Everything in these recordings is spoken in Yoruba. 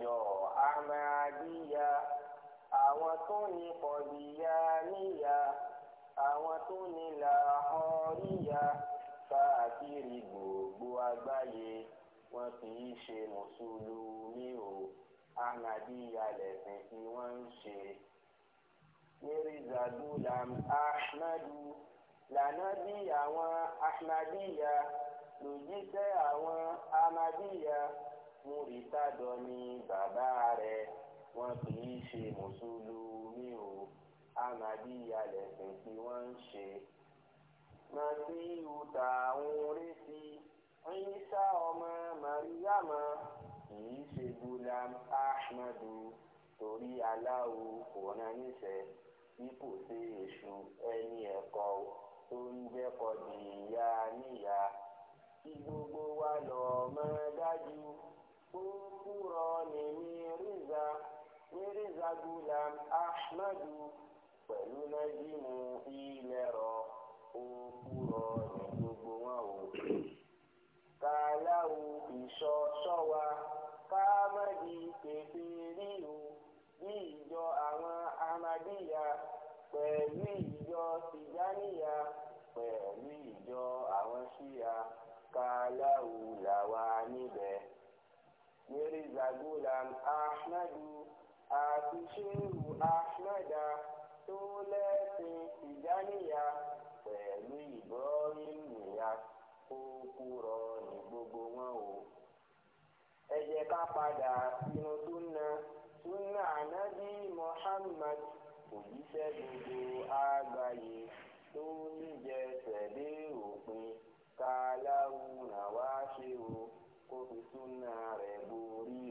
ìjọ àmàdíyà àwọn tó ní kọ̀díyà níyà àwọn tó ní làhọ́ríyà káàkiri gbogbo àgbáyé wọn kì í ṣe mùsùlùmí o àmàdíyà lẹ̀sìn tí wọ́n ń ṣe. mirizadulam ahmadu lànàbí àwọn ahmadíyà lòjíṣẹ́ àwọn ahmadíyà múrítàdọ́ ni bàbá rẹ̀ wọn kì í ṣe mùsùlùmí o ahmadiyya lẹ̀sìn tí wọ́n ń ṣe. masiu tààrùn retí Ìsá ọmọ mariama kì í ṣe gulam ahmadu torí aláwo kò rán níṣẹ́ bí kò ṣe èṣù ẹni ẹ̀kọ́ tó ń jẹ́kọ̀ọ́ dìyà níyà kí gbogbo wa lọ́ọ́ mọ́ dájú. kókúrọ̀ ní mírízà mírízà gulam ahmadu pẹ̀lú nájímù ilẹ̀rọ kókúrọ̀ ní ka wọn o. kàláwù ka ṣọwa káàmádì tètè ríru bí ìjọ àwọn amadíyà pẹ̀lú ìjọ tìjáníyà pẹ̀lú ìjọ àwọn ṣíyà kàláwù làwa níbẹ̀. mirza gulam ahmadu àti shehu ahmada tó lẹ́sìn tìjáníyà pẹ̀lú ìbọ́rin nìyà ó kúrọ ní gbogbo wọn o. ẹ ká padà sínú súnà súnà ànábì muhammad òjíṣẹ́ gbogbo àgbáyé tó níjẹsẹ̀ dé òpin ká láwùrán wá ṣe o. kó fi súnà rẹ̀ o. ni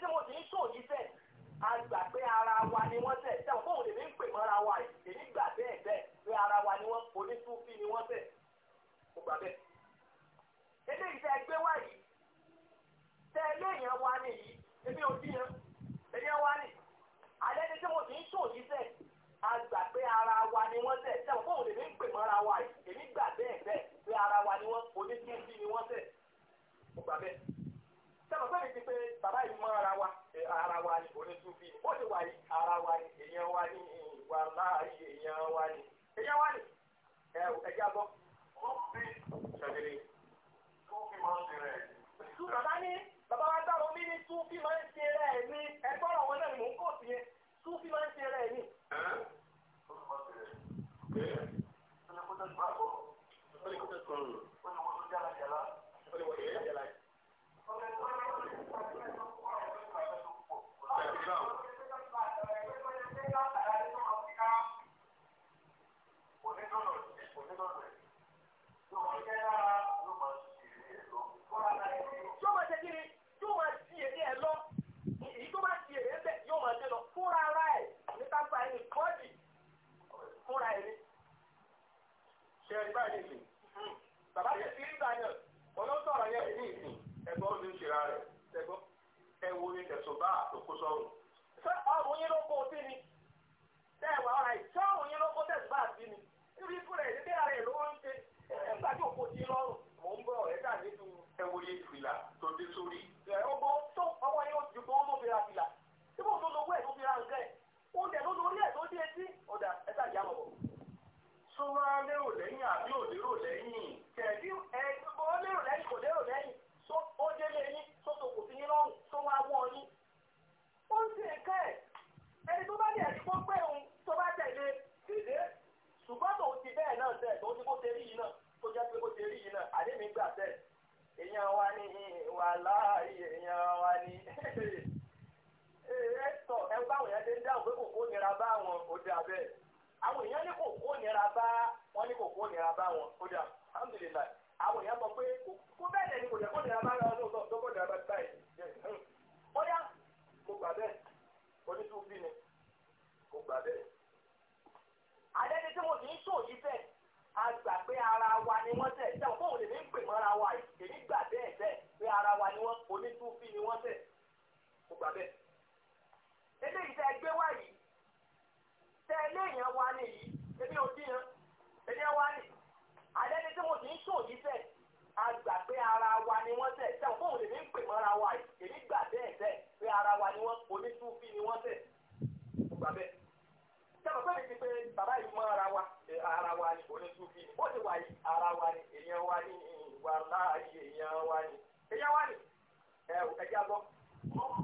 tí mo ti ń sùn a gbà ara wa ni wọ́n tẹ̀ sẹ́wọ̀n fóun lèmi ń pè mọ́ra wa yìí èmi gbà bẹ́ẹ̀ bẹ́ẹ̀ ara wa ni wọ́n onítúfí ni wọ́n tẹ̀ mo gbà bẹ́ẹ̀. eléyìí tẹ́ ẹ gbé wá yìí tẹ́ bẹ̀. eléyìí egbewa yi wá yìí tẹ́ eléyàn wá yìí ebi tí mo ti ń sùn yìí a ara wa ni tẹ tẹ̀ tẹ̀ fóun lèmi ń wa yìí èmi gbà ara wa ni wọ́n onítúfí ni tẹ gbà mi ti pé ara wa ara wa ni onítúfí ni ó ti wà ara wa ni wa ni ìwà láàyè wa ni wa ni ẹ ẹ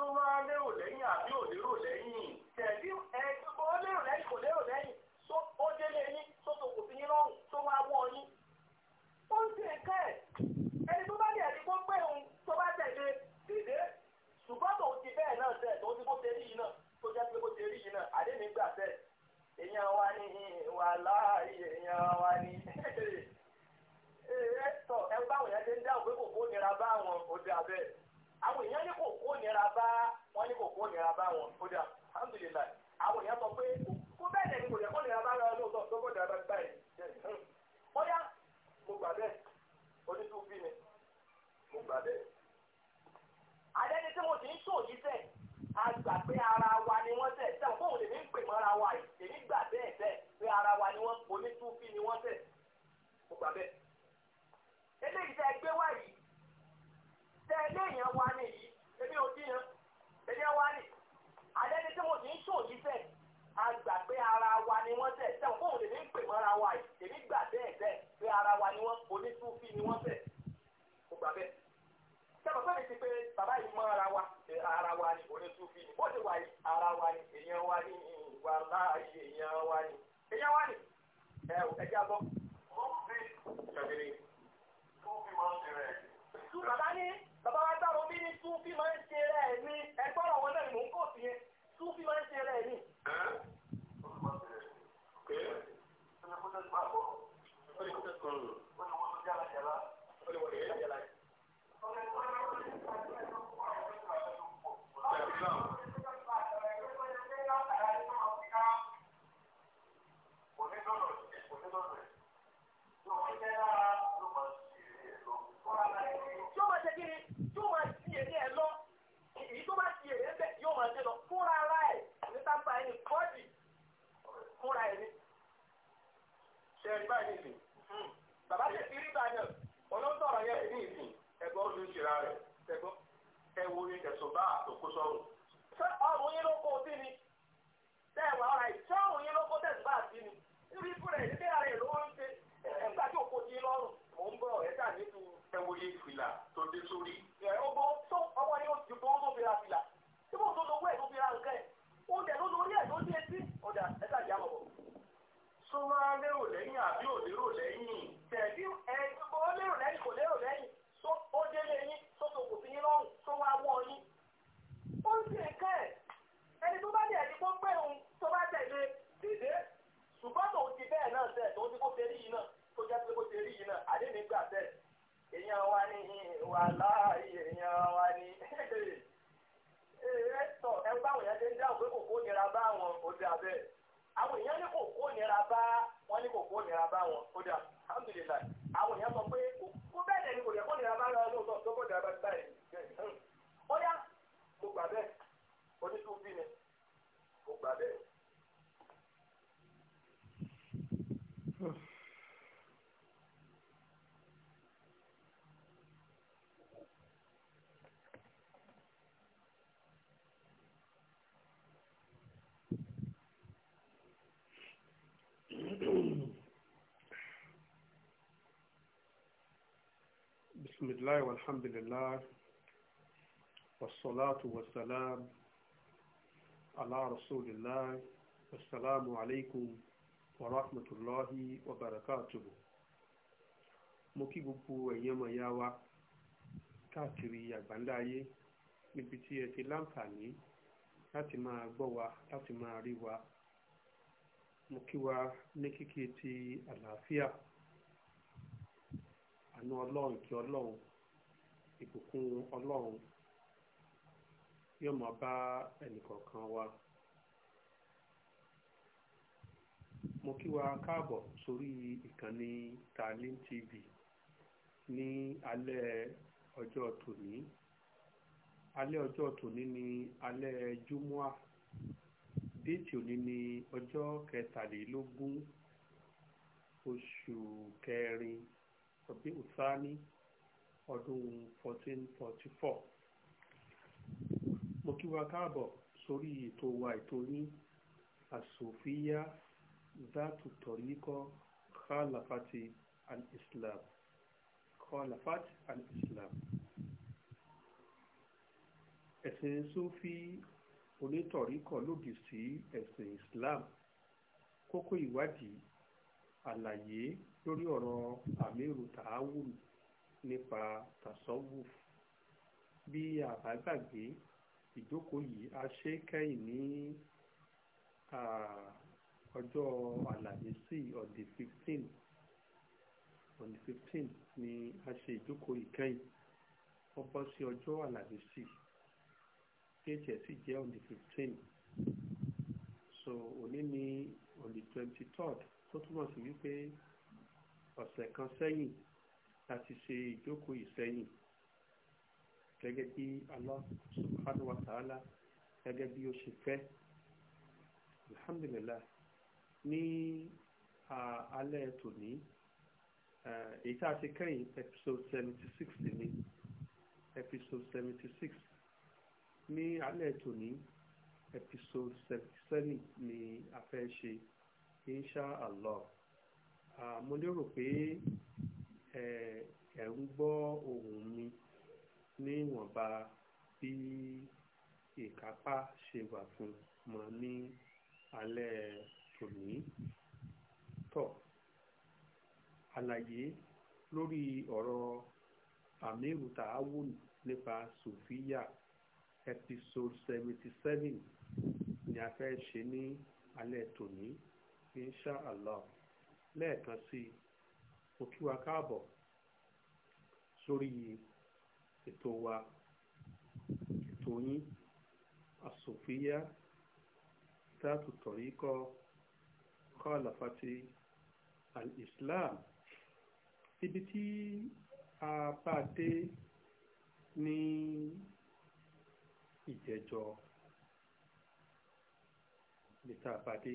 tó wá lérò lẹ́yìn àbí ò lérò lẹ́yìn tẹ̀lé ẹ ó lérò lẹ́yìn kò lérò lẹ́yìn tó ó délé yín tó tó kò sí yín lọ́rùn tó wá wọ́ yín. ó ń ṣe ẹ̀ka ẹ̀ ẹni tó bá dẹ̀ ẹni kó pé òun tó bá tẹ̀lé dèdè ṣùgbọ́n tó ti bẹ́ẹ̀ náà tẹ̀ tó ti bó ṣe rí yìí náà tó jẹ́ pé bó ṣe rí yìí náà àdé mi gbà tẹ̀ èèyàn wa ni wà láàyè èèyàn wa ni ẹ tọ ẹ báwọn yẹn ti ń dáhùn pé kò kó nira báwọn ò dà bẹ́ẹ̀. àwọn èèyàn ní kò nira bá wọn ní kò nira bá wọn ó dà alhamdulilayi àwọn èèyàn sọ pé kó bẹ́ẹ̀ dẹ̀ kò yẹ kó nira bá wọn lóòótọ́ tó kó nira bá mo gbà bẹ́ẹ̀ onítúbí ni mo gbà bẹ́ẹ̀. ara بسم الله والحمد لله والصلاة والسلام ala rasulillah assalamu alaikum wa rahmatulahi wa barakatuhu mo kí gbogbo ẹ̀yin ọmọ ìyá wa káàkiri àgbáńlá ayé níbi tí ẹ ti láǹfààní láti máa gbọ́ wa láti máa rí wa mo kí wa ní kíkí ti àlàáfíà àánú ọlọ́run kí ọlọ́run ìbùkún ọlọ́run yóò máa bá ẹnìkọ̀ọ̀kan wa. mo kí wa káàbọ̀ sórí ìkànnì Taalim TV ní alẹ́ ọjọ́ tòní alẹ́ ọjọ́ tòní ní alẹ́ júmọ́à déètì òní ní ọjọ́ kẹtàlélógún oṣù kẹrin ọdún ìsáni ọdún fourteen forty four mo kí wa káàbọ̀ sórí ètò wa ètò yín asòfíà zatu tọ̀ríkọ́ khalafati al-islam khalafat al-islam ẹ̀sìn sufi onítọ̀ríkọ̀ lòdì sí ẹ̀sìn islam kókó ìwádìí àlàyé lórí ọ̀rọ̀ àmírù tààwùn nípa tasawuf bí àbágbàgbé ìjókòó yìí a ṣe kẹ́yìn ní ọjọ́ àlàmísì on the fifteen on the fifteen ni a ṣe ìjókòó ìkẹyìn wọ́n bọ́ sí ọjọ́ àlàmísì kéèjẹ̀ sì jẹ́ on the fifteen so òní ni on the twenty third tó túmọ̀ sí wípé ọ̀sẹ̀ kan sẹ́yìn láti ṣe ìjókòó ìsẹ́yìn gẹ́gẹ́ bí Allah subhanahu wa ta'ala gẹ́gẹ́ bí ó ṣe fẹ́ alhamdulillah ní alẹ́ tòní èyí tá a ti kẹ́yìn episode seventy six ni episode seventy six ní alẹ́ tòní episode seventy seven ni a fẹ́ ṣe insha allah mo lérò pé ẹ ń gbọ́ ohùn mi ní ìwọ̀nba bí ìkápá ṣe wà fún mọ́ ní alẹ́ tòní. tọ́ àlàyé lórí ọ̀rọ̀ àmírù tààwùn nípa sofia episode seventy seven ni a fẹ́ ṣe ní alẹ́ tòní insha allah lẹ́ẹ̀kan sí i mo sórí yìí ètò wa ètò yín asòfíyá táàtù tọ̀ríkọ kọ́ọ̀láfàtì al-islam ibi tí a bá dé ní ìjẹjọ ibi tá a bá dé.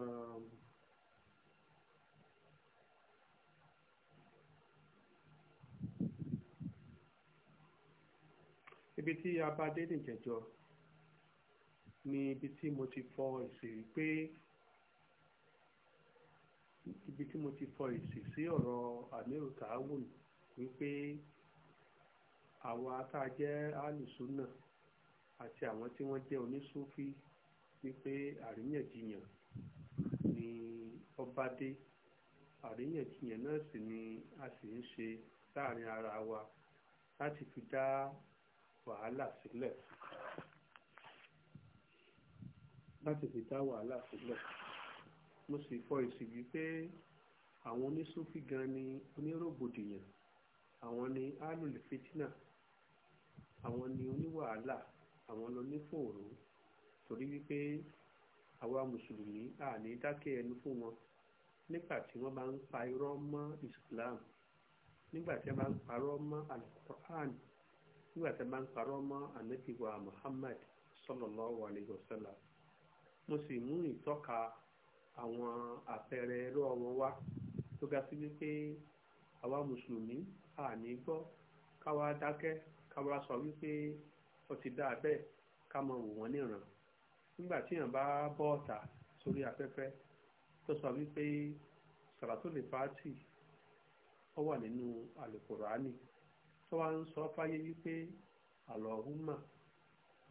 um, ibi tí a bá dé nìjẹjọ ni ibi tí mo ti fọ èsì pé ibi tí mo ti fọ èsì sí ọ̀rọ̀ àmírù tààwùn wípé àwa tá a jẹ́ alùsùnà àti àwọn tí wọ́n jẹ́ onísúfí wípé àríyànjiyàn ni ọba dé àríyànjiyàn náà sì ni a sì ń ṣe láàrin ara wa láti fi dá wàhálà sílẹ̀ láti fi dá wàhálà sílẹ̀ mo sì fọ èsì wípé àwọn onísúfì gan ni onírògbòdìyàn àwọn ni alùlù fìtínà àwọn ni oníwàhálà àwọn lọ ní fòòró torí wípé àwa mùsùlùmí àní dákẹ́ ẹnu fún wọn nígbà tí wọ́n bá ń pa irọ́ mọ́ Islam nígbà tí wọ́n bá ń parọ́ mọ́ Al-Qur'an nígbà tí wọ́n bá ń parọ́ mọ́ Ànábì Muhammad sallallahu alayhi wa sallam mo sì mú ìtọ́ka àwọn àpẹẹrẹ ẹ̀rọ wọn wá tó ga sí wípé àwa mùsùlùmí àní gbọ́ káwa dákẹ́ káwa sọ wípé ó ti dáa bẹ́ẹ̀ ká máa wò wọ́n níran nígbà tí èèyàn bá bọ́ ọ̀tà sórí afẹ́fẹ́ tó sọ wípé sàràtúlè fàátì ó wà nínú àlùkùránì tó wá ń sọ fáyé wípé àlọ́húnmà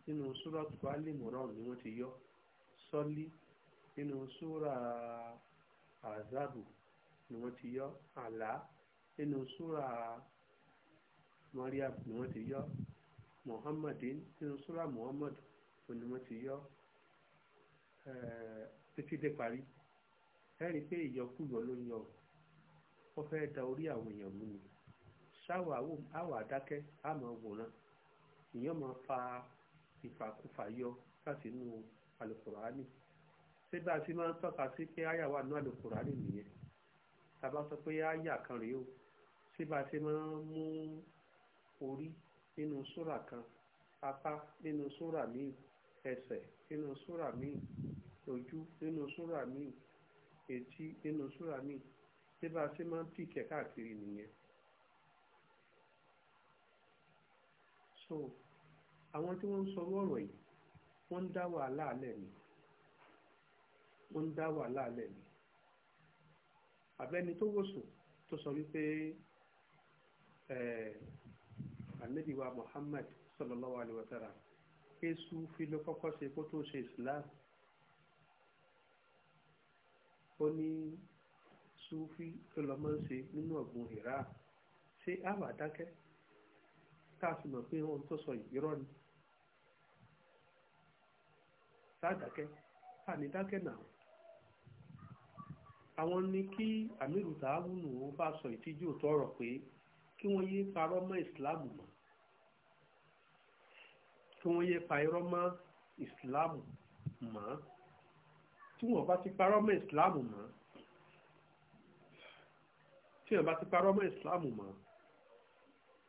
nínú súrọ̀tù alẹ́ mọ̀rán ni wọ́n ti yọ sọ́lí nínú súrà àzábù ni wọ́n ti yọ àlá nínú súrà mariam ni wọ́n ti yọ muhammadin nínú súrà muhammadu ni wọ́n ti yọ títí dé parí ẹ rí i pé ìyọkúyọ ló yọ ọ fẹ́ da orí àwọn èèyàn mú ni ṣáwà àwọ̀ àdákẹ́ àmọ́ wòran ìyẹn máa fa ìfàkúfà yọ láti inú alukurani ṣé bá a ti máa ń tọ́ka sí pé àyà wà ní alukurani nìyẹn tá a bá sọ pé àyà kan rèé o ṣé bá a ti máa ń mú orí nínú sóra kan apá nínú sóra míì ẹsẹ̀ nínú sóra míì ojú nínú súrà míì etí nínú súrà míì tí bá a ṣe máa ń pìkẹ́ káàkiri nìyẹn. so àwọn tí wọ́n ń sọ ọ̀rọ̀ yìí wọ́n ń dá wàhálà alẹ́ mi wọ́n ń dá wàhálà alẹ́ mi àbẹ́ni tó wòsàn tó sọ wípé anabiwa eh, Muhammad sallallahu alaihi wa sallam Jésù fi ló kọ́kọ́ ṣe kó tó ṣe Islam ó ní sufi tó lọ́mọ ń ṣe nínú ọ̀gbun ìrà ṣé àwọn àdákẹ́ tá a sì mọ̀ pé ohun tó sọ irọ́ ni sáàdákẹ́ ànídákẹ́ náà àwọn ní kí àmírù tààwùnù ó bá sọ ìtìjú tọrọ pé kí wọ́n yé parọ́ mọ́ ìsìláàmù mọ́ kí wọ́n yé pa irọ́ ìsìláàmù mọ́ tí wọ́n bá ti parọ́ mọ́ ìsìláàmù mọ́ tí wọ́n bá ti parọ́ mọ́ ìsìláàmù mọ́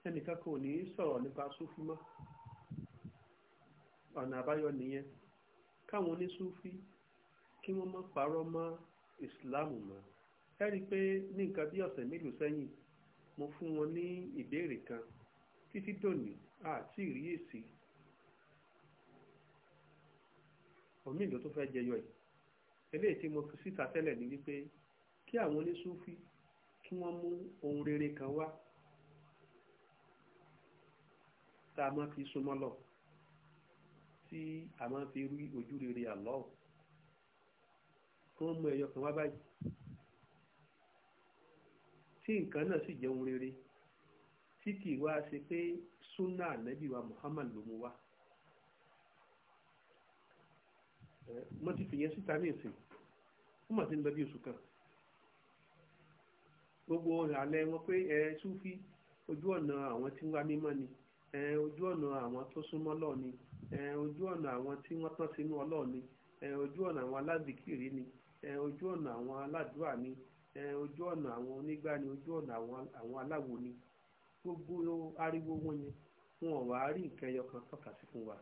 ẹnìkan kò ní sọ̀rọ̀ nípa súfí mọ́ ọ̀nà àbáyọ nìyẹn káwọn onísúfí kí wọ́n mọ́ parọ́ mọ́ ìsìláàmù mọ́ ẹ rí i pé ní nǹkan bí ọ̀sẹ̀ mélòó sẹ́yìn mo fún wọn ní ìbéèrè kan títí dòní àti ìríyèsí omi ìlú tó fẹ́ jẹyọ yìí eléyìí tí mo fi síta tẹ́lẹ̀ ni wípé kí àwọn oníṣúfí kí wọ́n mú ohun rere kan wá tá a máa fi súnmọ́ lọ tí a máa fi rí ojú rere àlọ́ kí wọ́n mú ẹyọ kan wá báyìí tí nǹkan náà sì jẹ́ ohun rere tí kì í wá ṣe pé súnà ànábì wa Muhammad ló mú wá. wọ́n fi fìyẹn síta ní ìsìn wọ́n mà ti ń lọ bí oṣù kan gbogbo ìhàlẹ̀ wọn pé ẹ súfì ojú ọ̀nà àwọn tí wá mímọ́ ni ojú ọ̀nà àwọn tó súnmọ́ lọ́ọ̀ ni ojú ọ̀nà àwọn tí wọ́n tán sínú ọlọ́ọ̀ ni ojú ọ̀nà àwọn aládìkìrì ni ojú ọ̀nà àwọn aládùúà ni ojú ọ̀nà àwọn onígbà ni ojú ọ̀nà àwọn aláwo ni gbogbo ariwo wọn yẹn wọn ò wá rí nǹkan ẹyọ kan tọ́ka sí fún wa.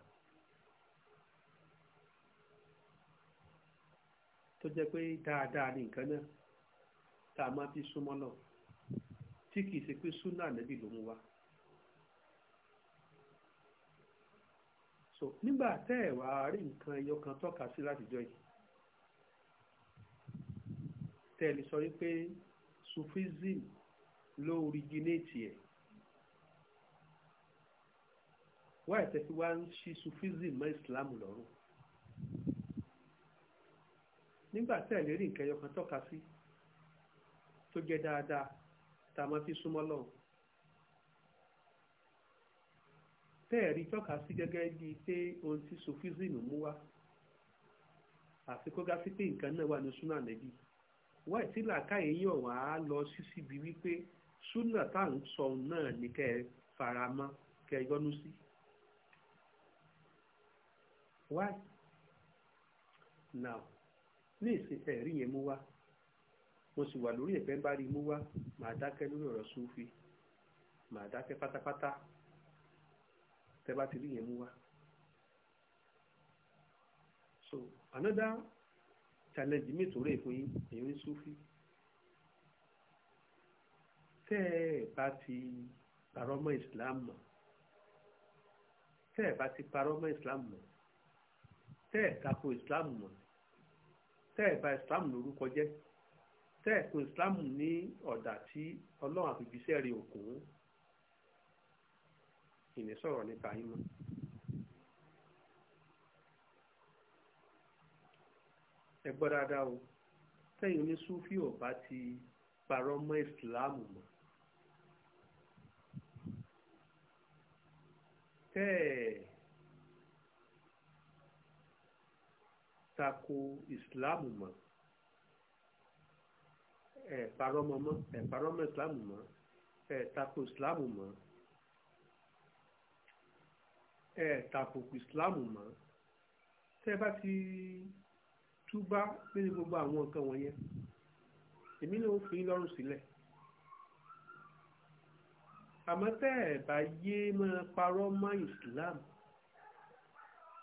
tó jẹ́ pé dáadáa ní nǹkan náà tá a máa fi súnmọ́ náà tí kìí ṣe pé súnà ànábì ló mú wá. so nígbà tẹ́ ẹ̀ wá rí nǹkan ẹyọ kan tọ́ka sí látijọ́ yìí tẹ́ ẹ lè sọ wípé sufism ló originate ẹ̀ wáyé tẹ́ fi wá ń ṣí sufism mọ́ ìsìlámù lọ́rùn. nígbà tí ẹ̀ lérí tọka si tọ́ka sí tó jẹ́ dáadáa tá a máa fi súnmọ́ lọ́hùn. tẹ́ẹ̀rí tọ́ka sí gẹ́gẹ́ bíi pé ohun tí sufism mú wá àfi kó gá sí pé nǹkan náà wà ní súnà nẹ́bí wáì tí làákà èèyàn wà á lọ sí síbi wípé súnà tá à ń sọ náà ni kẹ́ ẹ fara mọ́ kẹ́ ẹ yọnu sí. wáì now. ní ìsìnkà ẹ̀rí yẹn mú wá mo sì wà lórí ẹ̀fẹ́ bá rí mú wá màá dákẹ́ lórí ọ̀rọ̀ súnfì màá dákẹ́ pátápátá tẹ́ bá ti rí yẹn mú wá. so another challenge mi tó rè fún yín èyí ní súnfì tẹ́ ẹ bá ti parọ́ mọ́ Islam mọ́ tẹ́ ẹ bá ti parọ́ mọ́ Islam mọ́ tẹ́ ẹ tako Islam mọ́ tẹ́ ẹ̀ bà islam lórúkọ jẹ́ tẹ́ ẹ̀ pin islam ní ọ̀dà tí ọlọ́run àfibíṣẹ́ rí òkú ìní sọ̀rọ̀ nípa yín mọ́. ẹ gbọ́ dáadáa o tẹ́yìn oníṣúfì ò bá ti parọ́ mọ́ islam mọ́. tẹ́ ẹ̀ tako ìsìláàmù mọ́ ẹ̀ parọ́mọ mọ́ ẹ̀ parọ́mọ ìsìláàmù mọ́ ẹ̀ tako ìsìláàmù mọ́ ẹ̀ tàbùkù ìsìláàmù mọ́ tẹ́ bá ti túbá lórí gbogbo àwọn nǹkan wọ̀nyẹn èmi náà ó fi yín lọ́rùn sílẹ̀ àmọ́ tẹ́ ẹ̀ bá yé máa parọ́ mọ́ ìsìláàmù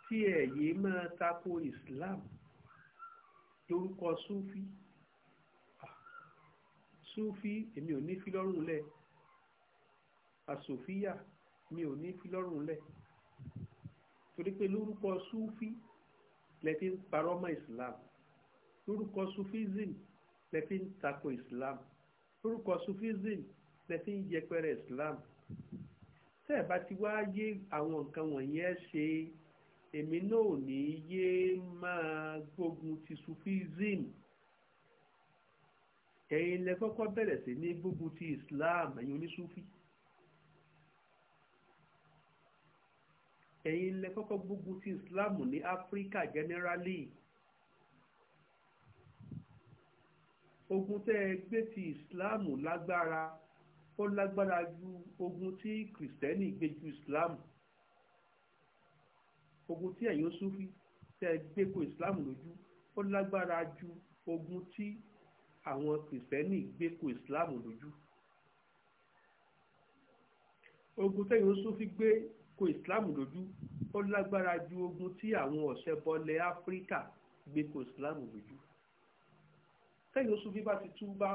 tí ẹ yéé máa tako Islam lórúkọ Súfí ah, Sufi èmi ò ní fi lọ́rùn lẹ̀ àsòfíà mi ò ní fi lọ́rùn lẹ̀ torí pé lórúkọ Súfí lẹ́fi ń parọ́ mọ́ Islam lórúkọ Sufism lẹ́fi ń tako Islam lórúkọ Sufism lẹ́fi ń yẹpẹrẹ Islam tẹ́ ẹ̀ bá ti wá yé àwọn nǹkan wọ̀nyẹn ṣe èmi náà ò ní yé máa gbógun ti sufism ẹ̀yin lẹ kọ́kọ́ bẹ̀rẹ̀ sí ní gbógun ti islam ẹ̀yin onísúfí ẹ̀yin lẹ kọ́kọ́ gbógun ti islam ní áfíríkà generally ogun tẹ́ ẹ gbé ti islam lágbára ó lágbára ju ogun tí kìrìsìtẹ́nì gbé ju islam. La ogun tí ẹ̀yin Sufi tẹ́ gbé ko Islam lójú ó lágbára ju ogun tí àwọn kìrìsìtẹ́nì gbé ko Islam lójú ogun tẹ́yin Sufi gbé ko Islam lójú ó lágbára ju ogun tí àwọn ọ̀sẹ̀bọlẹ̀ Áfíríkà gbé ko Islam lójú tẹ́yin Sufi bá ti túbá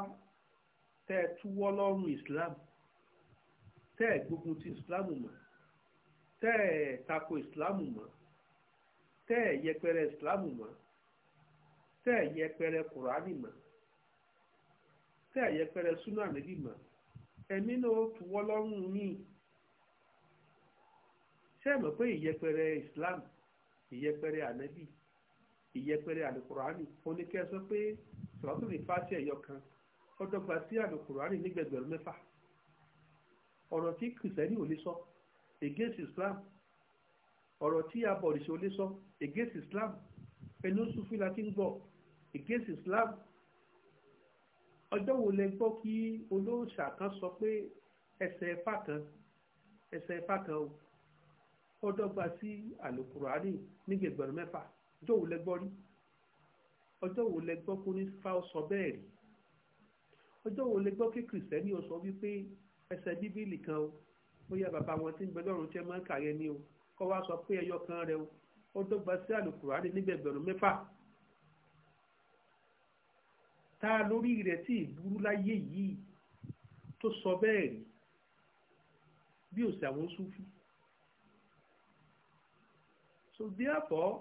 tẹ́ ẹ túwọ́ lọ́rùn Islam tẹ́ ẹ gbógun ti Islam mọ́ tẹ́ ẹ tako Islam mọ́ tẹ́ ẹ̀ yẹpẹrẹ ìsìláàmù mọ́ tẹ́ ẹ̀ yẹpẹrẹ kùránì mọ́ tẹ́ ẹ̀ yẹpẹrẹ súnà níbí mọ́ ẹ̀mí náà tuwọ́ lọ́rùn yín ṣé ẹ mọ̀ pé ìyẹpẹrẹ islam ìyẹpẹrẹ ànábì ìyẹpẹrẹ àlùkùránì oníkẹ́ sọ pé sọ̀rọ̀tún ní fásitì ẹ̀yọ kan ó dọ́gba sí àlùkùránì nígbẹ̀gbẹ̀rún mẹ́fà ọ̀rọ̀ tí kìrìsẹ́nì ò lè sọ against islam ọ̀rọ̀ tí abọ̀rìṣẹ́ olé sọ against Islam ẹnu sufi la ti ń gbọ́ against Islam ọjọ́ wo lẹ gbọ́ kí olóòṣà kan sọ pé ẹsẹ̀ ẹ̀fà kan ẹsẹ̀ ẹ̀fà kan o ó dọ́gba sí àlùkùránì nígbẹ̀gbẹ̀rún mẹ́fà ọjọ́ wo lẹ gbọ́ rí ọjọ́ wo lẹ gbọ́ kó ní fáwọn sọ bẹ́ẹ̀ rí ọjọ́ wo lè gbọ́ kí kìrìsìtẹ́nì ó wípé ẹsẹ̀ bíbélì kan o bóyá bàbá wọn ti ń bẹ tí ẹ máa ń kàyẹ ní o ó sọ pé ẹyọ kan rẹ o ó dọ́gba sí àlùkùránì nígbẹ̀gbẹ̀rún mẹ́fà tá a lórí rẹ̀ tí ìburú láyé yìí tó sọ bẹ́ẹ̀ rí bí òsì àwọn súfì so therefore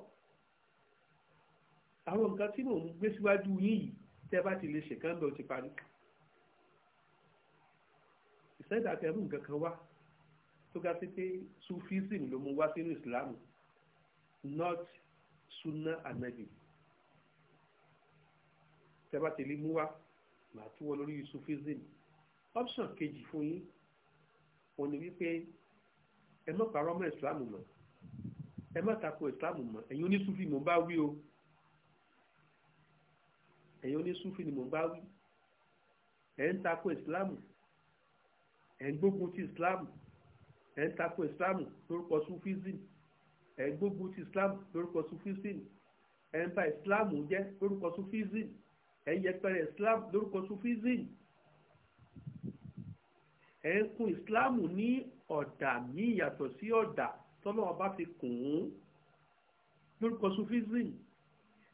àwọn nǹkan tí mò ń gbé síwájú yín yìí tẹ́ bá ti lè ṣèkán lọ ti parí ìṣẹ́dàtẹ̀mú nǹkan kan wá tó ga sí pé sufism ló mú not sunna anabi tẹ́bá ti lè mú wá màá tún wọ lórí sufism option kejì fún yín òun ni wípé ẹ má parọ́ mọ́ ìsìlámù mọ́ ẹ má tako ìsìlámù mọ́ ẹ̀yin onísúfì mò ń bá wí o ẹ̀yin onísúfì ni mò ń bá wí ẹ̀ ń tako ìsìlámù ẹ̀ ń gbógun ti ìsìlámù ẹ̀ ń tako ìsìláàmù lórúkọ sufism ẹ̀ ń gbógun ti ìsìláàmù lórúkọ sufism ẹ̀ ń ba ìsìláàmù jẹ́ lórúkọ sufism ẹ̀ ń yẹpẹrẹ ìsìláàmù lórúkọ sufism ẹ̀ ń kùn ìsìláàmù ní ọ̀dà míì yàtọ̀ sí ọ̀dà tọ́lọ́wọ́ bá fi kùn ún lórúkọ sufism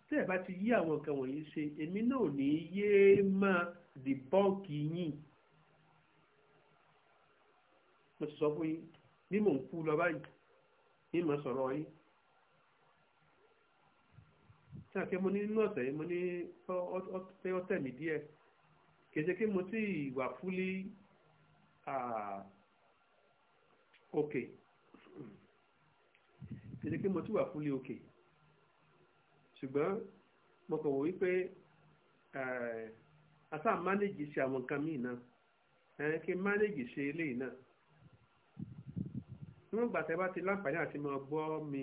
tẹ́ ẹ̀ bá ti yí àwọn nǹkan wọ̀nyí ṣe èmi náà ò ní yéé máa dìbọ́ǹkì yín mo ti sọ fún yín bí mò ń kú lọ báyìí ní mò ń sọ̀rọ̀ yín tí a kẹ́ mo ní nínú ọ̀sẹ̀ mo ní pé ọ̀tẹ̀ mi díẹ̀ kèsè kí mo ti wà fúlí òkè kèsè kí mo ti wà fúlí òkè ṣùgbọ́n mo kàn wò wípé àtà mánéjì ṣe àwọn nǹkan míì náà kí mánéjì ṣe eléyìí náà níwọ̀n gbà tẹ́ bá ti láǹfààní àti máa gbọ́ mi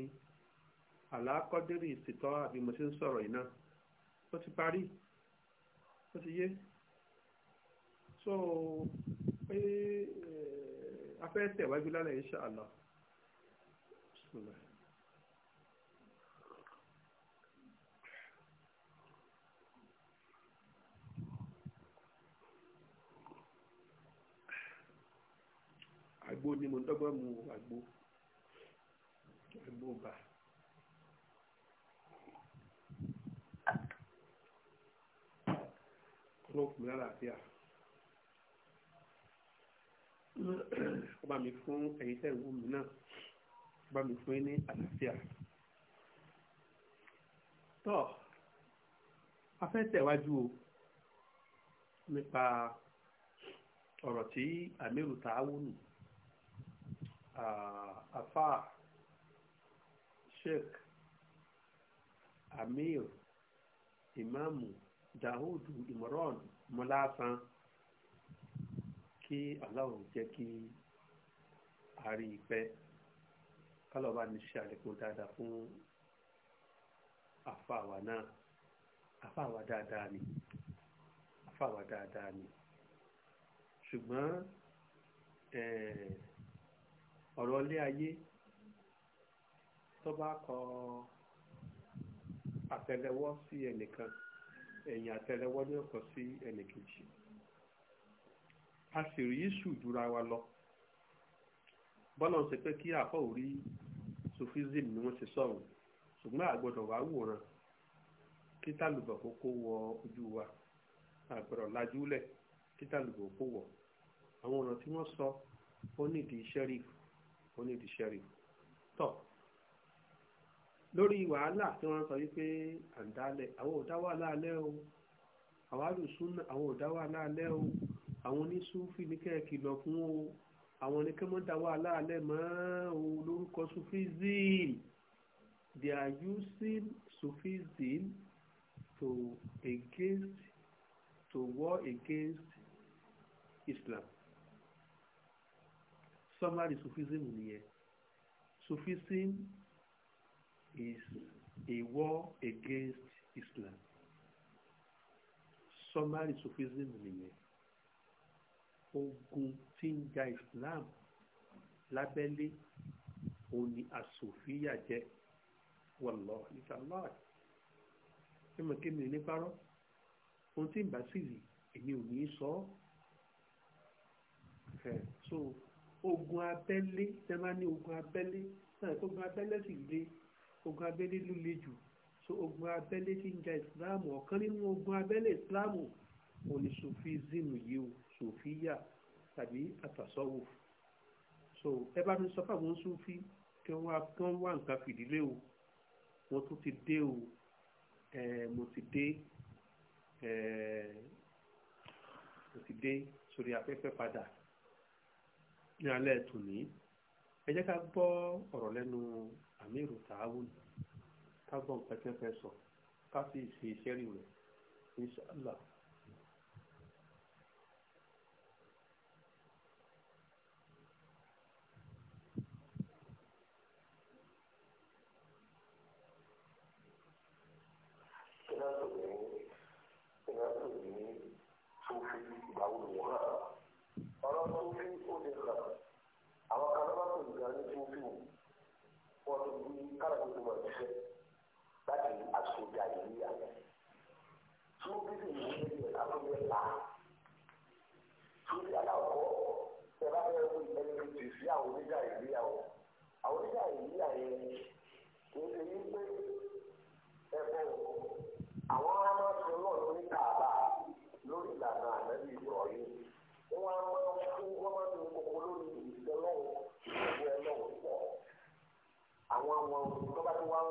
àlàkọ́dérì ìsìtọ́ àbí mo ti ń sọ̀rọ̀ yìí náà ó ti parí ó ti yé so pé eh, afẹ́ tẹ̀wájú lálẹ́ insha Allah. Bismillah. àgbo ni mo dọ́gbọ́n mu àgbo àgbo bà. ló kù ó bá mi fún ẹ̀yin tẹ́ ìwú mi náà ó bá mi fún yín ní àlàáfíà tọ́ a fẹ́ tẹ̀wájú o nípa ọ̀rọ̀ tí àmì ìrùtà áwùnù Uh, afa sheikh amir imamu dawud imran mọlásan kí aláwọ̀ jẹ́ kí a rí i pẹ́ kálọ̀bá ní ṣe àlékún dáadáa fún àfàwà náà àfàwà dáadáa ni àfàwà dáadáa ni ṣùgbọ́n ẹ̀ẹ́. Eh, ọ̀rọ̀ ilé ayé tó bá kọ àtẹ́lẹwọ́ sí ẹnìkan ẹ̀yìn àtẹ́lẹwọ́ ní ọkọ sí ẹnìkejì a sì rí yíṣù dúra wa lọ bọ́lá ń ṣe pé kí àfọ òrí sufism ni wọ́n ti sọ̀rọ̀ ṣùgbọ́n àgbọ̀dọ̀ wá wòran kí tálùbọ̀ kókó wọ ojú wa àgbọ̀dọ̀ lajúlẹ̀ kí tálùbọ̀ kó wọ̀ àwọn ọ̀nà tí wọ́n sọ ó nídìí sheriff ó ní ìdí ṣẹ́rì tọ́ lórí wàhálà tí wọ́n sọ wípé àǹdálẹ̀ àwọn òdá wà láàlẹ́ o àwọn àlùsúnà àwọn òdá wà láàlẹ́ o àwọn onísúfì ní kẹ́ẹ̀kì lọ fún o àwọn oníkẹ́mọ́dá láàlẹ́ mọ́ o lórúkọ sufism they are using sufizin to against to war against Islam summary Sufism nìyẹn Sufism is a war against Islam summary Sufism nìyẹn ogun tí ń ja Islam lábẹ́lé òun ni àsòfíà jẹ́ wọ̀lọ́ ìtàláà mímọ̀ kí mi ní parọ́ ohun tí ń bá sì rí èmi ò ní sọ ọ́ so ogun abẹ́lé ẹ máa ní ogun abẹ́lé náà ogun abẹ́lé sì le ogun abẹ́lé ló le jù so ogun abẹ́lé ti ń ja ìsìláàmù ọ̀kan nínú ogun abẹ́lé ìsìláàmù wọn ni sofism yìí o sofiya tàbí àtàsọ́wò so ẹ bá mi sọ fáwọn sufi kí wọ́n wá nǹkan fìdílé o wọ́n tún ti dé o mo ti dé mo ti dé sórí afẹ́fẹ́ padà ní alẹ́ tòní ẹ jẹ́ ká gbọ́ ọ̀rọ̀ lẹ́nu amiru taawun ká gbọ́ nǹkan tí wọ́n fẹ́ sọ ká sì ṣe iṣẹ́ rí rẹ̀ inṣàlá. ìlànà ní túwúfù wọn ti di káràdé tó máa ṣiṣẹ́ láti àsìkò jàìlíyà túwúfù sì ní ilé àtúnyẹ là túwúfù aláwọ̀ ẹ bá fẹ́ wí ẹlẹ́gbẹ̀tì sí àwọn oníjà ìlíyà o àwọn oníjà ìlíyà yẹn kì í ṣe yí pé ẹ̀fọ́ òkú. àwọn ọmọ tó bá ti wá ń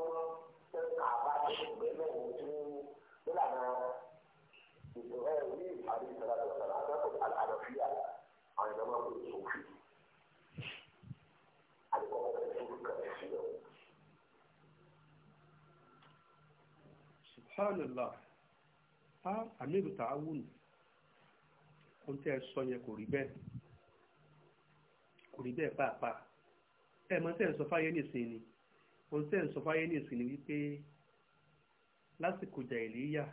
ṣe kàbá ìgbẹ́ lẹ́yìn tí nílànà ètò ẹ̀ ní ìpàdé ìsọ̀rọ̀ àtọ̀sọ̀rọ̀ àtọ̀sọ̀rọ̀ àlọ́fíà àwọn ìlànà máa ń pè sófì. Àlùkò ọ̀rẹ́ sófì kan sí ọ. Subhanallah, a àmìlù tààwùn, ohun tí ẹ sọ yẹn kò rí bẹ́ẹ̀, kò rí bẹ́ẹ̀ pàápàá ohun tẹ́ ń sọ fáyé ní ìsìn ni wípé lásìkò jàìlíyà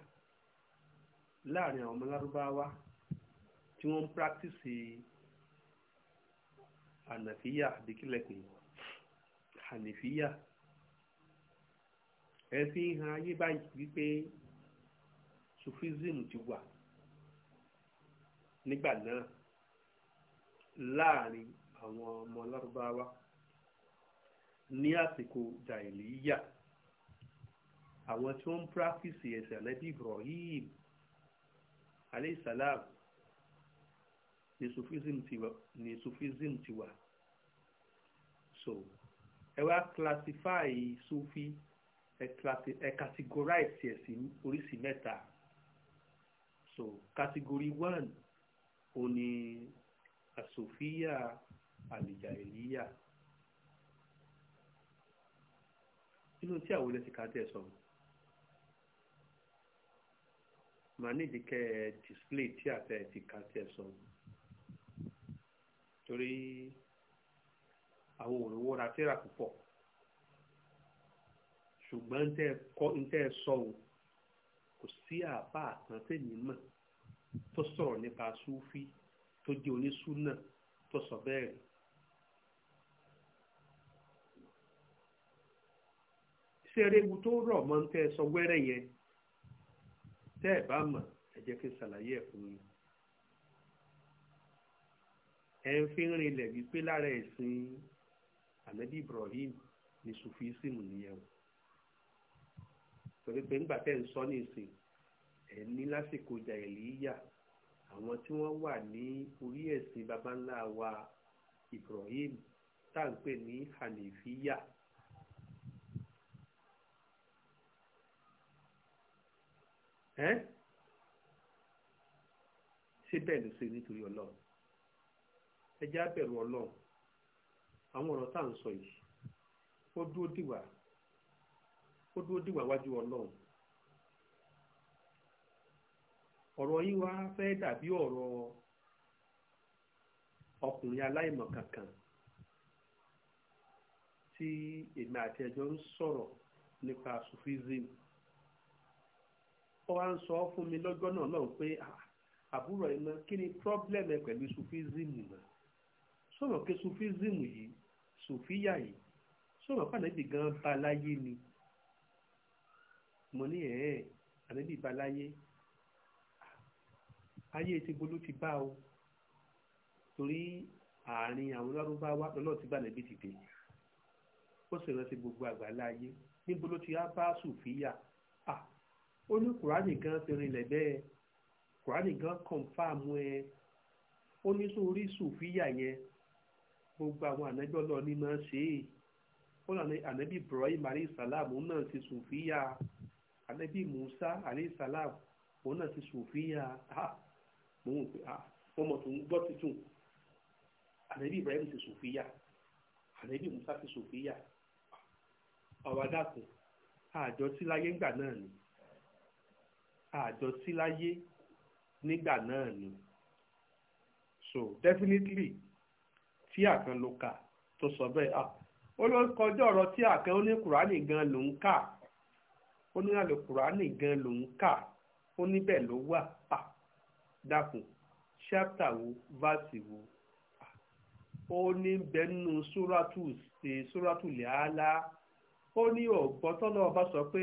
láàrin àwọn ọmọ lárúbáwá tí wọ́n ń pírákítìsì ànàfíyà àbíkílẹ̀kùn ànàfíyà ẹ fi ń han ayé báyìí ti wà nígbà náà láàrin àwọn ọmọ ní àsìkò jàìlíyà àwọn tí wọ́n ń practice ẹ̀sìn ànábì Ibrahim aleyhisalaam ni sufism tiwa ni sufism tiwa so ẹ wá classify sufi ẹ classify ẹ categorize ẹ̀sìn oríṣìí mẹ́ta so category one òní asòfíà alijaeliya. inú tí àwọn olè ti kà díẹ̀ sọ̀rọ̀ màá níbi kẹ́ ẹ display tí àtẹ ti kà díẹ̀ sọ̀rọ̀ torí àwọn òrùwọ́ ra tíra púpọ̀ ṣùgbọ́n ntẹ́ sọ̀rọ̀ kò sí àbá kan tèmi mọ̀ tó sọ̀rọ̀ nípa súfí tó jẹ́ onísúnà tó sọ bẹ́ẹ̀ rí ṣeréwu tó rọ̀ mọ́ ń tẹ́ sọ wẹ́rẹ́ yẹn tẹ́ ẹ̀ bá mọ̀ ẹ kí n ṣàlàyé ẹ̀ fún yín. ẹ ń fi rinlẹ̀ wípé lára ẹ̀sìn ànábì Ibrahim ní sufisimu nìyẹn o torí pé ńgbà tẹ́ ń sọ ní ìsìn ẹ̀ ní lásìkò jàìlíyà àwọn tí wọ́n wà ní orí ẹ̀sìn baba wa Ibrahim tá à ń pè ní hanifiya. ẹ́ si bẹ́ẹ̀ ló ṣe nítorí àwọn ọ̀rọ̀ tá à ń sọ yìí ó dúró dìwà ó dúró wájú yìí fẹ́ dàbí ọrọ ọkùnrin aláìmọ̀ kankan tí èmi àti ń ó wá ń sọ fún mi lọ́jọ́ náà lọ́hùn pé ah, àbúrò ẹ̀ náà kí ni pírọ́blẹ́mù ẹ̀ pẹ̀lú sufizimu náà sọ̀rọ̀ pé sufizimu yìí sùfíyà yìí sọ̀rọ̀ pé ànábì gan balayé ni mo ní ẹ̀ ẹ́ ànábì balayé ayé ti bolú ti bá o torí àárín àwọn lárúbáwá lọ́lọ́ ti gbà ànábì ti dé ó sì rántí gbogbo àgbàlá ayé níbo ló ti á bá sùfíyà ah, ó ní kùránì gan ti rinlẹ̀ bẹ́ẹ̀ kùránì gan kọ̀ǹfàmù ẹ ó ní sórí sùfíyà yẹn gbogbo àwọn ànábì ọlọ́run ní máa ṣe é ó lànà ànábì Ibrahim aleyhisalaam òun náà ti sùfíyà ànábì Musa aleyhisalaam òun náà ti sùfíyà mo mọ̀ pé mo mọ̀ tó ń gbọ́ tuntun ànábì Ibrahim ti sùfíyà ànábì Musa ti sùfíyà ọ̀wá dàkún àjọ tí láyé ńgbà náà ni àjọsí láyé nígbà náà ni so definitely tí àkàn ló kà tó sọ bẹ́ẹ̀ ah ó ló kọjá ọ̀rọ̀ tí àkàn ó ní kùránì gan ló ń kà ó ní àlè kùránì gan ló ń kà ó níbẹ̀ ló wà ah dákun ṣáptà wo fásì wo ah, ó ní bẹ́nu súrátù ṣe eh, súrátù lẹ́hálà ó ní ọ̀gbọ́n tọ́lọ́ ọba sọ pé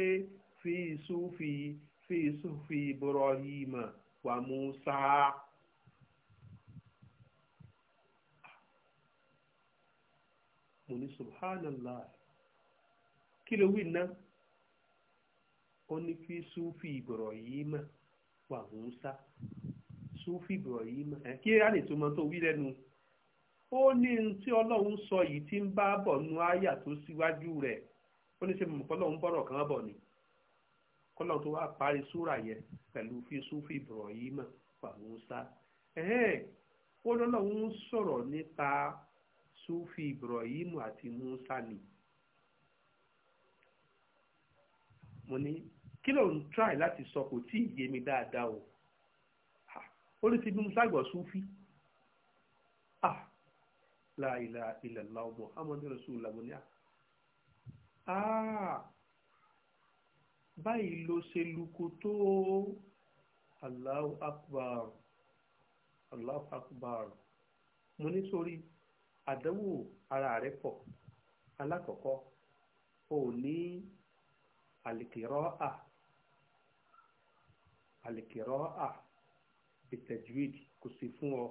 fi sùn fi. في صحف إبراهيم وموسى mo ní subhanallah kí ló wí fi sufi ibrahim wà musa sufi ibrahim ẹ kí á lè túmọ̀ tó wí lẹ́nu ó ní tí ọlọ́run sọ yìí tí ń bá bọ̀ nu àyà tó síwájú rẹ̀ ó ní ṣe mọ̀mọ́ ọlọ́run bọ̀rọ̀ kan bọ̀ ni. kọ́lọ̀ tó wá parí súrà yẹn pẹ̀lú fisufi ibrahima fàmúsá ó lọ́lọ́ ń sọ̀rọ̀ nípa sufi ibrahima àti musa ni. mo ní kí ló ń try láti sọ kò tí ì yé mi dáadáa o ó lè ti bí musa gbọ́ sufi ah la ilaha illallah muhammadu rasulullah mo ní ah báyìí ló ṣe luku tó Allahu akbar Allahu akbar mo ní sórí àdánwò ara rẹ pọ̀ alákọ̀ọ́kọ́ ò ní alikirọ́à alikirọ́à ìtẹ̀júwìdì kò sí fún ọ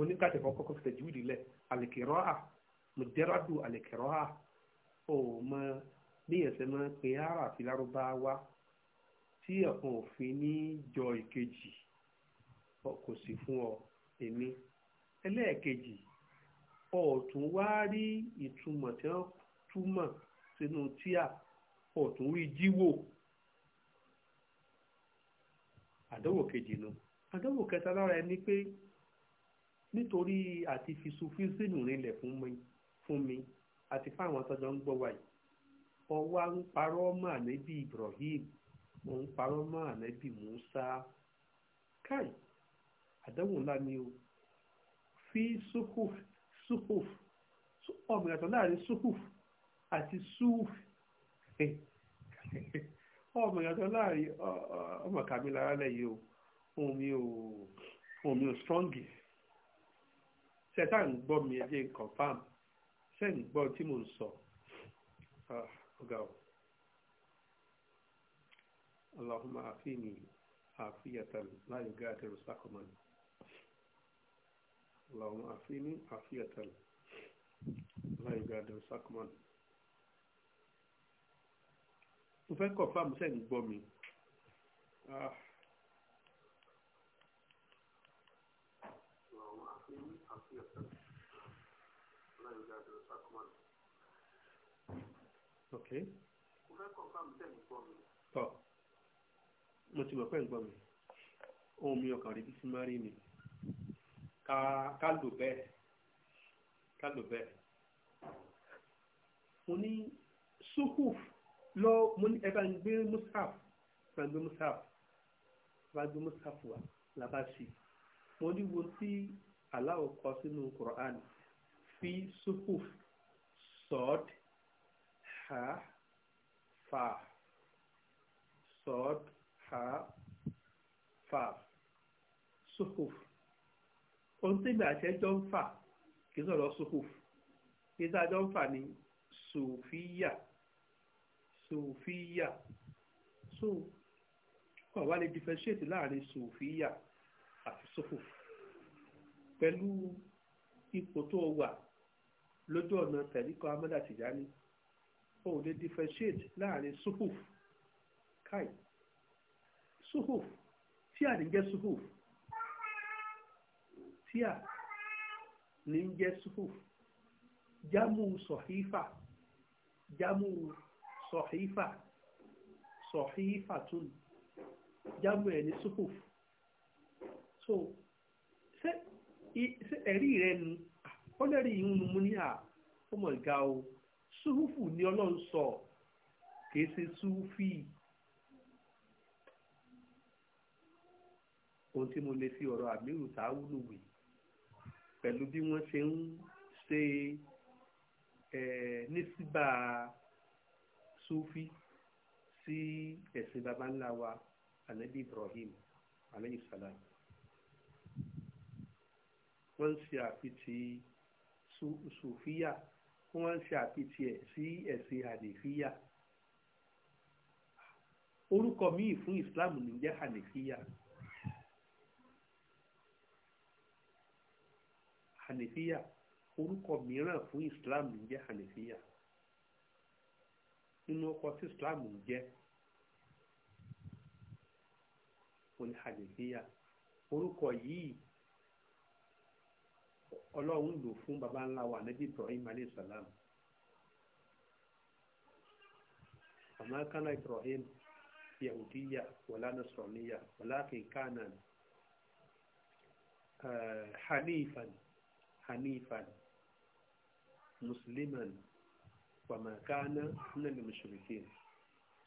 oníkàtẹ̀ kọ́kọ́ kò sí ìtẹ̀júwìdì lẹ̀ alikirọ́à mùdẹ́rọ́dù alikirọ́à ò mọ bí ẹ̀sẹ̀ máa ń pe ara àti lárúbáwá tí ọ̀kan òfin ní jọ ìkejì kò sí fún ọ èmi ẹlẹ́ẹ̀kejì ọ̀tún wá rí ìtumọ̀ tí wọ́n túmọ̀ sínú tíà ọ̀tún rí jíwò àdánwò kejì nu àdánwò kẹta lára ẹni pé nítorí àti fi sufisínù rinlẹ̀ fún mi àti fáwọn tọ́jọ́ ń gbọ́ wáyé ọwa ń parọ́ mọ́ Ibrahim mo ń Musa kai àdéhùn ni o fi suhuf suhuf ọmọ ìyàtọ̀ láàrin suhuf ati suhuf o strongi ṣe tá mi ẹ confam mo sọ. Ah. ọ̀gá o allahumma afini afiyatan la yugadiru saqaman allahumma afini afiyatan la yugadiru saqaman mo fẹ́ kọ̀ fáàmù sẹ́yìn gbọ́ mi ah ok. mo fẹ́ kọ̀ fáwọn tẹ̀mí gbọ́ mi. tọ́ mo ti mọ̀ pé ń gbọ́ mi ohun mi ọkàn rí bí sí mari mi ká ká lò bẹ́ẹ̀ ká lò bẹ́ẹ̀ mo ní sukuf lọ mo ní ẹ gbé musaf bá ń gbé musaf bá ń gbé musaf wa la bá sí mo ní wo tí aláwọ̀ kọ sínú Qur'an fi sukuf sọ́ọ̀dì ha fa sọ́d ha fa sukuf ohun tí ìgbà àṣẹ jọ ń fà kì í sọ̀rọ̀ sukuf kì í sọ̀rọ̀ jọ ń fà ní sùfíyà sùfíyà so wọn wá lè differentiate láàrin sùfíyà àti sukuf pẹ̀lú ipò tó wà lójú ọ̀nà tẹ̀líkọ́ amọ́dá tìjáni o ò lè differentiate láàrin suhuf kai suhuf tí a ní jẹ́ suhuf tí a ní jẹ́ suhuf jámù sọ̀hífà jámù sọ̀hífà sọ̀hífà tún jámù ẹ̀ ní suhuf so ṣé ẹ̀rí rẹ nu ó lẹ́rìí ìhun mu ní à ó mọ̀ ìga o súhùfù ni ọlọ́run sọ kìí ṣe súhùfì ohun tí mo lè fi ọ̀rọ̀ àmírù táwùlù wì pẹ̀lú bí wọ́n ṣe ń ṣe nísìbà súfí sí ẹ̀sìn baba ńlá wa anabi Ibrahim aleyhi salam wọ́n ń ṣe àfitì súfíyà. Su, tí wọ́n ń ṣe àpìtì ẹ̀ sí ẹ̀sìn àdìfíyà orúkọ míì fún Islam ní jẹ́ àdìfíyà àdìfíyà orúkọ mìíràn fún Islam ní jẹ́ àdìfíyà nínú ọkọ tí Islam ń jẹ́ òní àdìfíyà orúkọ yìí ọlọ́run lò fún baba ńlá wa nabi ibrahim alayhi salam àmọ́ kánà ibrahim yahudiya wàlá nasraniya walakin kánà eh, hanifan hanifan musliman wàmà kánà nínú ní mushrikin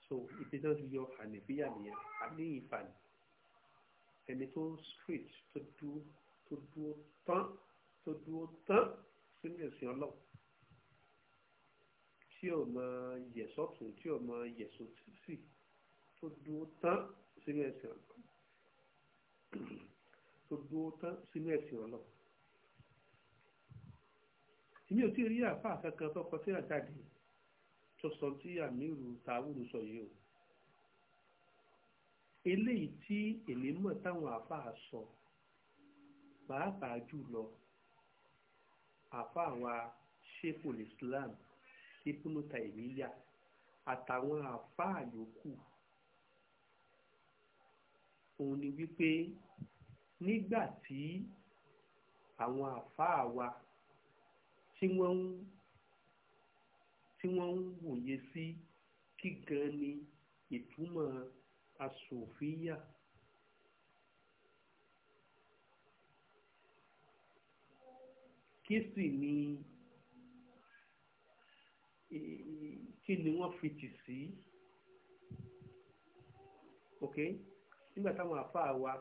so ìpínlẹ̀ ti yọ hanifiya nìyẹn hanifan ẹni tó straight tó dúró tó dúró tán tó dúró tán sínú ẹ̀sìn ọlọ́run tí ò mọ yẹ̀sọ́tún tí ò mọ yẹ̀sọ́tìsì tó dúró tán sínú ẹ̀sìn ọlọ́run tó dúró tán sínú ẹ̀sìn ọlọ́run. èmi ò tí ì rí àáfàá kankan tó kọ àjáde tó sọ tí àmírù tààwùrù sọ yìí o eléyìí tí èmi mọ̀ táwọn àáfàá sọ pàápàá jù lọ àfa àwa sheikul islam ibnu taimiya àtàwọn àfa àyòkù òun ni wípé nígbà tí àwọn àfa àwa tí wọ́n ń tí wòye sí kí gan ni ìtumọ̀ asòfíyà. kí sì ni kí ni wọ́n fi tì sí ok nígbà táwọn àfáà wa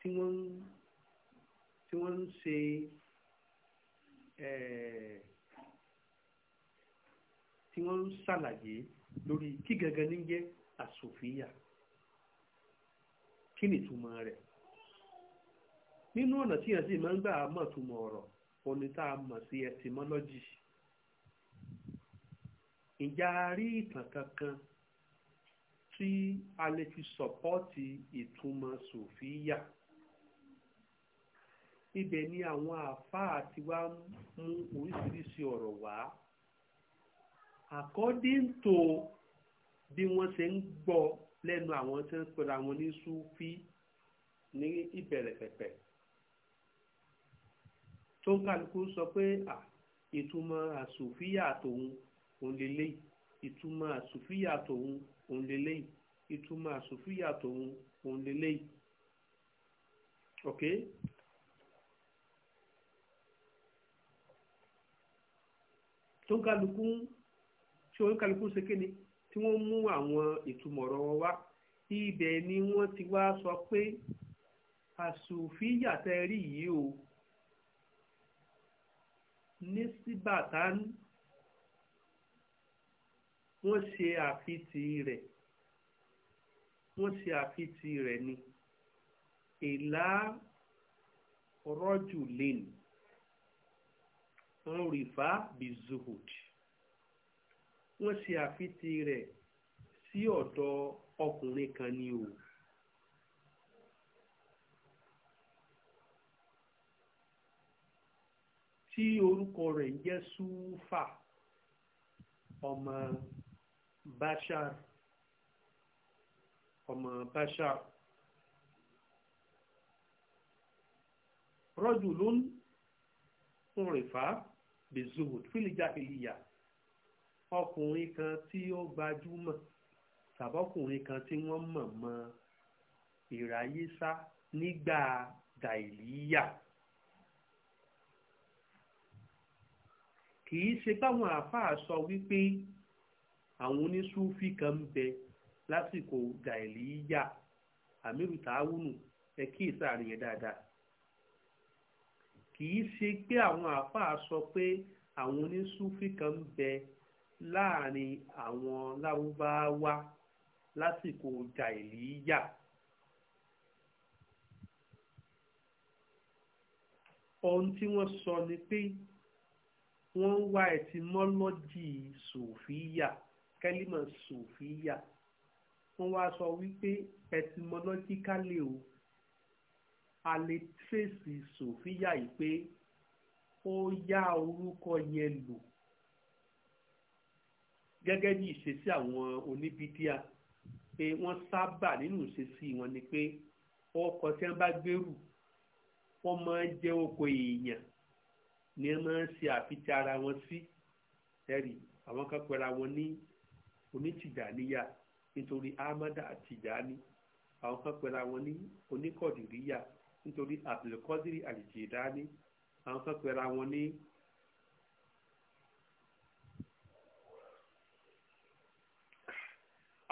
tí wọ́n ń tí wọ́n ń ṣe tí wọ́n ń ṣàlàyé lórí kí gangan ní jẹ́ àsòfíà kí ni ìtumọ̀ rẹ̀ nínú ọ̀nà tí yẹn sì máa ń gbà mọ̀ túmọ̀ ọ̀rọ̀ oní tá a mọ̀ sí ẹtìmọ́lọ́jì ìjà rí ìtàn kankan tí a lè fi sọ̀pọ́ọ̀tì ìtumọ̀ sòfíyà ibẹ̀ ni àwọn àáfàá ti wá mú oríṣiríṣi ọ̀rọ̀ wá according to bí wọ́n ṣe ń gbọ́ lẹ́nu àwọn tí ń pera wọn ní súfí ní ìbẹ̀rẹ̀ pẹ̀pẹ̀ tó ń kálukú sọ pé à ìtumọ̀ àsùfíà tòun òun lélẹ́yìí ìtumọ̀ àsùfíà tòun òun lélẹ́yìí ìtumọ̀ àsùfíà tòun òun lélẹ́yìí. Okay? tó ń kálukú tí wọ́n ń kálukú ṣe kéde tí wọ́n mú àwọn ìtumọ̀ ọ̀rọ̀ wọn wá ibẹ̀ ni wọ́n ti wá sọ pé àsùfíà tẹ́ yìí o nísìbàtán wọ́n ṣe àfitì rẹ̀ wọ́n ṣe àfitì rẹ̀ ni ìlà rọ́jù lẹ́nu wọ́n rìfà bí zuhud wọ́n ṣe àfitì rẹ̀ sí ọ̀dọ̀ ọkùnrin kan ni o. tí orúkọ rẹ̀ ń jẹ́ súfà ọmọ bashar ọmọ bashar rajulun urifa bizuhud fil jahiliya ọkùnrin kan tí ó gbajúmọ̀ tàbọ́kùnrin kan tí wọ́n mọ̀ mọ́ ìráyésá nígbà dàìlíyà. kì í ṣe báwọn àáfàá sọ wípé àwọn oníṣúfì kan ń bẹ lásìkò gàìlíyà àmírù tààwùnù ẹ kí ìsàrin yẹn dáadáa kì í ṣe pé àwọn àáfàá sọ pé àwọn oníṣúfì kan bẹ láàrin àwọn lárúbáwá lásìkò gàìlíyà. ohun tí wọ́n sọ ni pé wọ́n ń wá ẹtimọ́lọ́jì sòfíyà kẹ́límọ̀ sòfíyà wọ́n wá sọ wípé ẹtimọ́lọ́jíkálì o a lè tírèsì sòfíyà yìí pé ó yá orúkọ yẹn lò gẹ́gẹ́ bí ìṣesí àwọn oníbídíà pé wọ́n sábà nínú ìṣesí wọn ni pé ọkọ̀ tí wọ́n bá gbèrú wọ́n máa ń jẹ́ oko èèyàn ni ẹ máa ń ṣe àfitì ara wọn sí ẹ̀rí àwọn kan pẹ̀lú àwọn ní onítìjàníyà nítorí ahmada àtìjàní àwọn kan pẹ̀lú àwọn ní oníkọ̀dìríyà nítorí abdulkadiri àlìjìdání àwọn kan pẹ̀lú àwọn ní.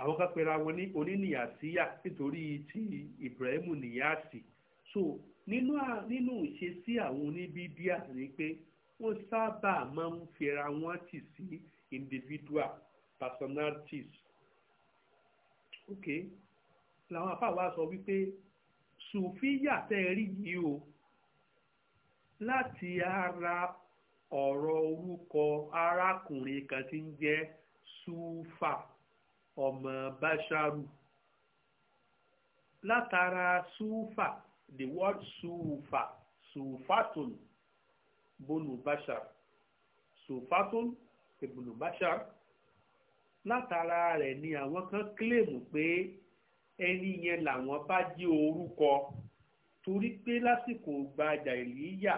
àwọn kan pẹ̀lú àwọn ní onínìyàsíyà nítorí ti ibrahim nìyàsí so nínú nínú ìṣesí àwọn oníbíbíà ni pé wọ́n sábà máa ń fira wọn tì sí individual personalities ok làwọn àfáà wa sọ wípé sùfíyà tẹ́ ẹ rí yìí o láti ara ọ̀rọ̀ orúkọ arákùnrin kan tí ń jẹ́ sùfà ọmọ báṣárù látara sùfà the word sufa sufatun bolu bashar sufatun ibùnú bashar látara rẹ̀ ni àwọn kan kílèmù pé ẹni yẹn làwọn bá jẹ́ orúkọ torí pé lásìkò gbajà ìlíyà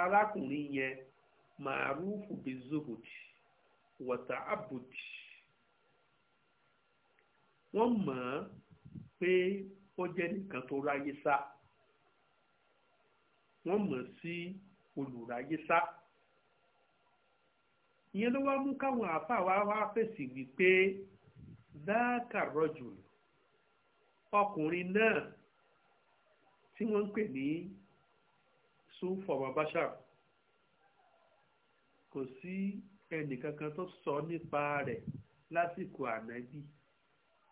arákùnrin yẹn màrúfù bizuhudi wọ̀tá abudi wọ́n mọ̀ pé ó jẹ́ nìkan tó ráyé sá wọ́n mọ̀ sí olùráyé sá ìyẹn ló wá mú káwọn àáfàá wa wá fèsì wípé dáàkà rọjò ọkùnrin náà tí wọ́n ń pè ní sunfọwọ báṣà kò sí ẹnìkankan tó sọ nípa rẹ̀ lásìkò ànábì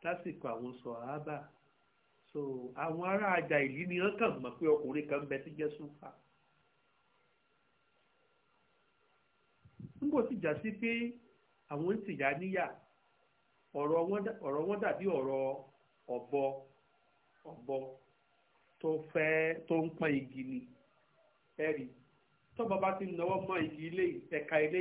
lásìkò àwọn sọ̀hábà. So so àwọn ará àjà ìlú ni wọ́n kàn mọ̀ pé ọkùnrin kan bẹ tí jẹ́ súfà nígbò tí jà sí pé àwọn ń tìyà níyà ọ̀rọ̀ wọn dàbí ọ̀rọ̀ ọ̀bọ ọbọ tó fẹ́ tó ń igi ni ẹ̀rí tó bàbá ti náwó igi ilé ẹ̀ka ilé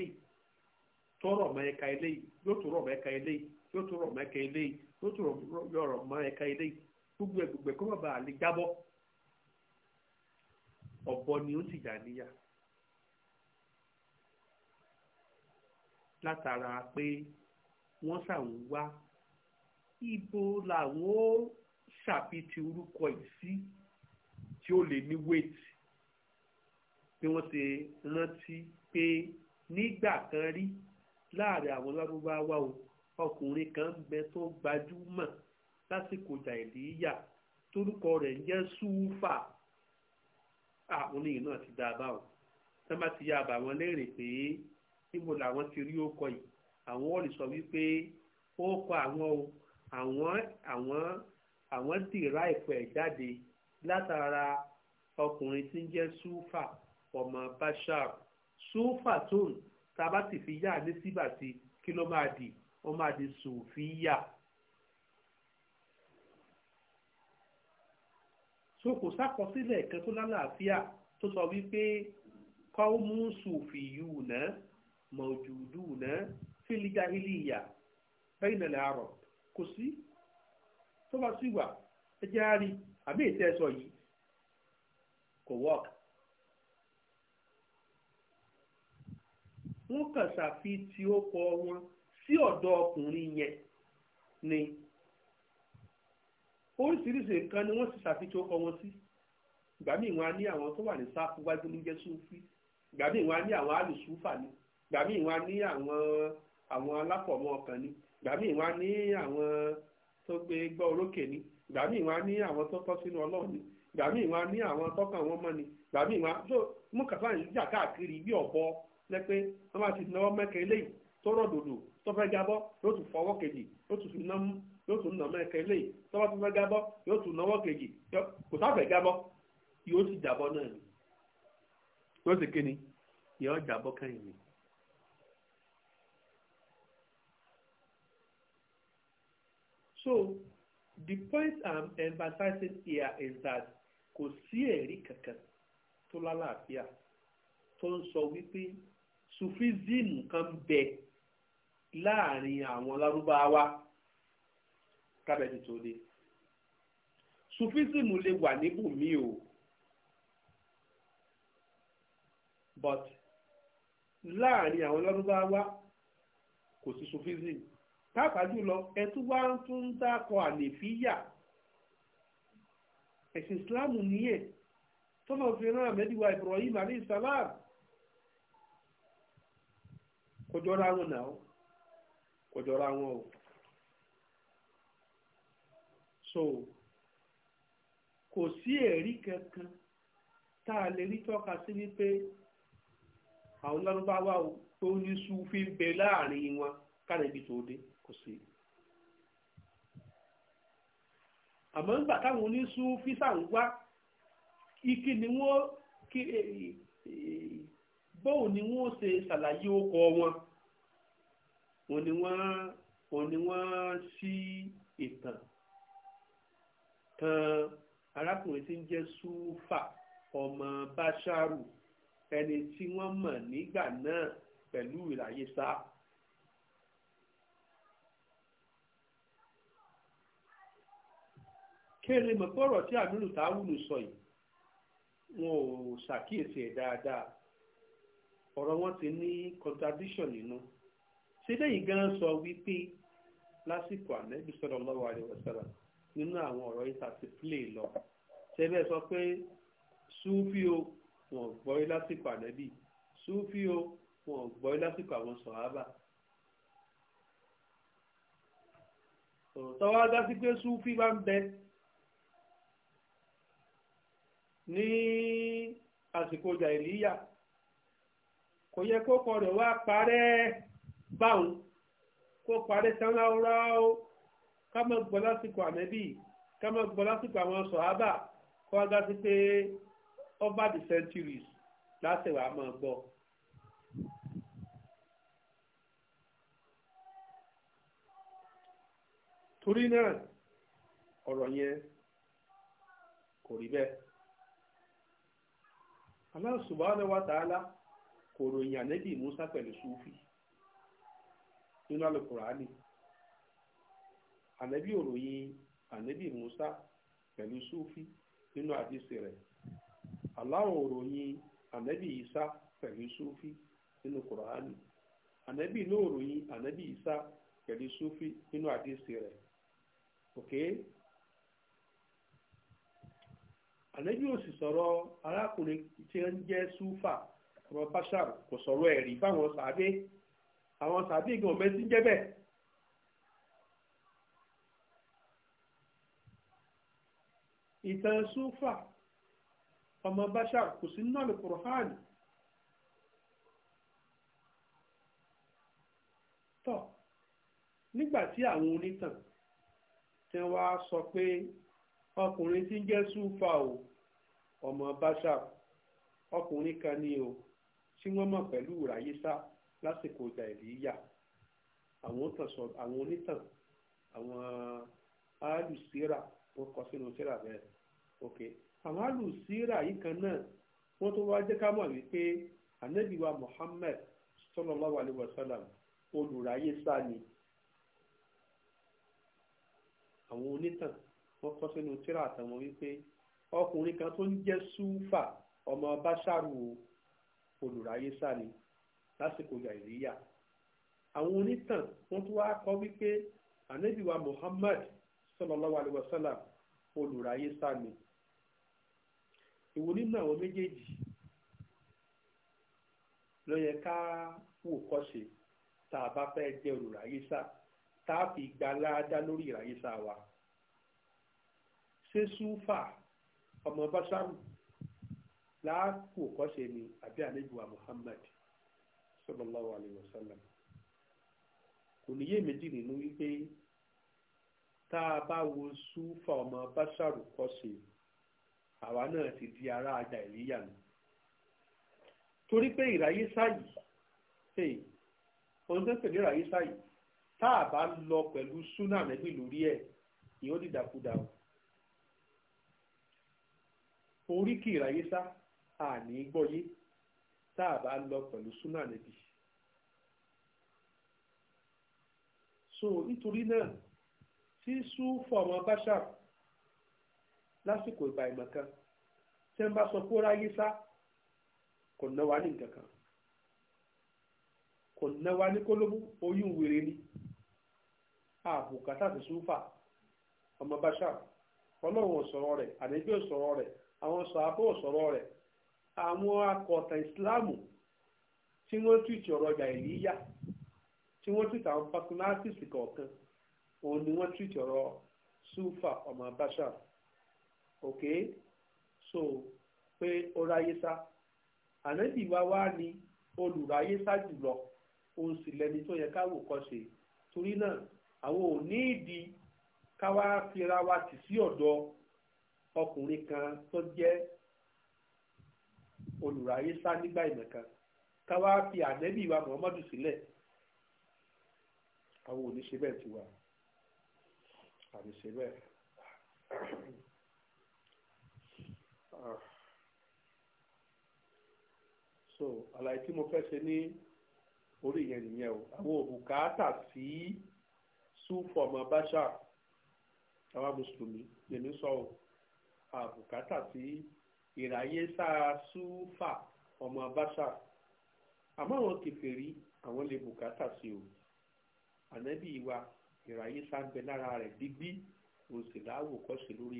tọrọ rọ̀ mọ́ ilé yóò tó rọ̀ mọ́ ma ilé yóò tó rọ̀ mọ́ ẹ̀ka ilé yóò tó gbogbo ẹgbẹgbẹ kó bàbá àlè jábọ́ ọ̀bọ ni ó sì dà níyà látara pé wọ́n ṣàwọn wá ibo làwọn ó ṣàfitì orúkọ yìí sí tí ó lè ní wéètì bí wọ́n ti rántí pé nígbà kan rí láàrin àwọn lábúbáwá o ọkùnrin kan ń bẹ tó gbajúmọ̀ lásìkò jàìdíyà torúkọ rẹ̀ ń jẹ́ súúfà àwọn oníyìn náà ti dá a báwọn tẹ́ bá ti yá àbà wọn léèrè pé níbo làwọn ti rí ókọ yìí àwọn ọ̀lì sọ wípé ó kọ àwọn o àwọn àwọn àwọn dìrá ìpẹ́ jáde látara ọkùnrin tí ń jẹ́ súúfà ọmọ bashar súúfà tóun tá a bá ti fi yá ní síbàtì kí ló máa di ó máa di sùfíyà. So so kò sákọsílẹ̀ kan tó lálàáfíà tó sọ wípé kọ́ọ̀mù sùfìyùnà mọ̀jùdùnà fìlíjàhìlìyà bẹ́ẹ̀nẹ̀lẹ̀ àrọ̀ kò sí tó bá sí wà ẹjẹ́ á rí àbí ètò ẹ̀sọ́ yìí kò wọ́ọ̀kì. wọ́n kàn ṣàfihàn tí ó kọ wọn sí ọ̀dọ̀ ọkùnrin yẹn ni. oríṣiríṣi nǹkan ni wọ́n si ṣàfihàn ọkọ wọn sí ìgbà míì wọn á ní àwọn tó wà ní sáfù wájú ní jẹ́ ìgbà míì wọn á ni ìgbà míì wọn á ní àwọn àwọn ni ìgbà míì wọn á ní àwọn tó gbé ni ìgbà míì wọn á ní àwọn tó tọ́ sínú ọlọ́run ni ìgbà míì wọn á ní àwọn tọ́kàn wọn mọ́ ni ìgbà míì wọn á mú kàtà káàkiri bí ọ̀bọ lẹ́pẹ́ wọ́n máa ti náwó mẹ́kẹ́ tó rọ̀ dòdò tó fẹ́ ló tún fọwọ́ kejì yóò tún nà mẹ́ẹ̀kẹ́ lé tọ́wọ́ tó fẹ́ gábọ́ yóò tún náwó kejì kò sáfẹ́ gábọ́ yóò sì jábọ́ náà ni yóò sì kíni yóò jábọ́ kẹ́yìn ni. so the point i'm emphasizing here is that kò sí ẹ̀rí kankan tó lálàáfíà tó ń sọ wípé sufism kan bẹ láàrin àwọn lárúbáwá kábẹ́ẹ̀tì tó dé sufism lè wà níbùmí o but láàrin àwọn lọ́dúnbáwá kò sí sufism pàápàá jùlọ ẹtú wá ń tún ń dákọ àlèfíyà ẹ̀sìn ìsìláàmù nìyẹn tọ́lọ̀ fi rán àmẹ́díwá Ibrahim alayhi salam kò jọra wọn náà kò jọra wọn o so kò sí ẹ̀rí kankan tá a lè rí tọ́ka sí wípé àwọn lárúbáwá tó ní súfì ń bẹ láàrin wọn kárẹ̀bí tó dé kò sí. àmọ́ nígbà táwọn onísúfì sáwọn ikí ni wọ́n kí e, e, e, bóun ni wọ́n ṣe ṣàlàyé ọkọ̀ wọn wọ́n ni wọ́n wọ́n ni wọ́n ìtàn tan arákùnrin tí ń jẹ́ súfà ọmọ báṣárù ẹni tí wọ́n mọ̀ nígbà náà pẹ̀lú ìlàyé sá. kéèrè mọ̀ bọ́rọ̀ tí àmìlù táwùlù sọ yìí wọn ò ṣàkíyèsí ẹ̀ dáadáa ọ̀rọ̀ wọn ti ní contradiction nínú ṣé lẹ́yìn gan sọ wípé lásìkò ànẹ́bí sallallahu alaihi wasallam nínú àwọn ọ̀rọ̀ yìí àti play lọ ṣẹbẹ́ sọ pé súfì o wọn gbọ́ yín lásìkò ànábì súfì o wọn gbọ́ yín lásìkò àwọn sọ̀hábà tọ́wọ́ dá sí pé súfì bá ń bẹ ní àsìkò jàìlíyà kò yẹ kó kọ rẹ̀ wá parẹ́ báwọn kó parẹ́ tán o. Kama má gbọ́ lásìkò ànẹ́bì ká má gbọ́ lásìkò àwọn sọ̀hábà kó wá dá sí pé over the centuries lásìwà máa gbọ́. torí náà ọ̀rọ̀ yẹn kò rí bẹ́ẹ̀. Allah subhanahu wa kò ròyìn ànẹ́bì Musa pẹ̀lú Sufi nínú Al-Qur'ani. ànábì oroyin anebi Musa pẹ̀lú sufi nínú àdìsí rẹ̀ Allah òròyìn Isa pẹ̀lú sufi nínú kùránì ànábì ní òròyìn ànábì Isa pẹ̀lú sufi nínú rẹ ok ò sì arákùnrin tí ń sufa ọmọ bashar kò sọ̀rọ̀ ẹ̀rí fáwọn àwọn gan ìtàn súfà ọmọ bashar kò sí nínú alukur'an tọ nígbà tí àwọn onítàn tí wọ́n wá sọ pé ọkùnrin tí ń jẹ́ súfà o ọmọ bashar ọkùnrin kan ni o tí wọ́n mọ̀ pẹ̀lú ràyíṣà lásìkò jàìlíyà àwọn onítàn àwọn alùsíra wọ́n kọ sínú síra bẹ́ẹ̀. ok àwọn alùsíra yìí kan náà wọ́n tó wá jẹ́ ká mọ̀ wípé ànábì wa Muhammad sallallahu alaihi wasallam olùráyé sá ni àwọn onítàn wọ́n kọ sínú tíra àtàwọn wípé ọkùnrin kan tó ń jẹ́ súfà ọmọ báṣáru olùráyé sá ni lásìkò yàìríyà àwọn onítàn wọ́n tó wá kọ wípé ànábì wa sallallahu alaihi wasallam olùráyé sá èwo nínú àwọn méjèèjì ló yẹ ká wò kọ́ṣe tá a bá fẹ́ jẹ́ olùràyíṣà tá a fi gba láadá lórí ìràyíṣà wa ṣé súfà ọmọ báṣárù láàkú òkọ́ṣe ni àbí àlejò Muhammad sallallahu alayhi wa sallam kò ní yé méjì nínú wípé tá a bá wo súfà ọmọ báṣárù kọ́ṣe àwa náà ti di ará ajá ìlíyà nù torí pé ìráyé sáyì ohun tó ń pè ní ìráyé sáyì tá a bá lọ pẹ̀lú súnà nẹ́bí lórí ẹ̀ ìyẹn ó dìdàkudà o oríkì ìráyé sá àní gbọ́yé tá a bá lọ pẹ̀lú súnà nẹ́bí. so nítorí náà tí sùn fọmọ báṣà lásìkò ìgbà ìmọ̀ kan tí wọ́n bá sọ pé ó ráyé sá kò ná wa ní nǹkan kan kò ná wa ní kólóbù oyún wèrè ni àbùkátà ti súfà ọmọ bàṣà ọlọ́run ọ̀sọ̀rọ̀ rẹ̀ àdébí ọ̀sọ̀rọ̀ rẹ̀ àwọn sàábọ̀ ọ̀sọ̀rọ̀ rẹ̀ àwọn akọ̀tà ìsìláàmù tí wọ́n tìtì ọ̀rọ̀ ọjà ìlíyà tí wọ́n kọ̀ọ̀kan ni wọ́n ọ̀rọ̀ ọmọ Okay, so pé ó ráyé sá ànábì wa wá ní olùráyé sá jùlọ òun sì lẹni tó yẹ káwò kọ́ ṣe torí náà àwọn ò ní ìdí káwá fira wa tì sí ọ̀dọ̀ ọkùnrin kan tó jẹ́ olùráyé sá nígbà ìmọ̀kan káwá fi ànábì wa Muhammadu sílẹ̀ àwọn ò ní ṣe bẹ́ẹ̀ tiwa àmì ṣe bẹ́ẹ̀. Ah. so àlàyé tí mo fẹ́ ṣe ní orí yẹn nìyẹn o àwọn òbùkátà sí súnfọ̀mọ́ báṣà àwa mùsùlùmí lèmi sọ o àbùkátà sí ìráyé sáà ọmọ báṣà àmọ́ àwọn kèfèrí àwọn lè bùkátà sí o ànábì wa ìráyé ń bẹ lára rẹ̀ gbígbí òsèlú lórí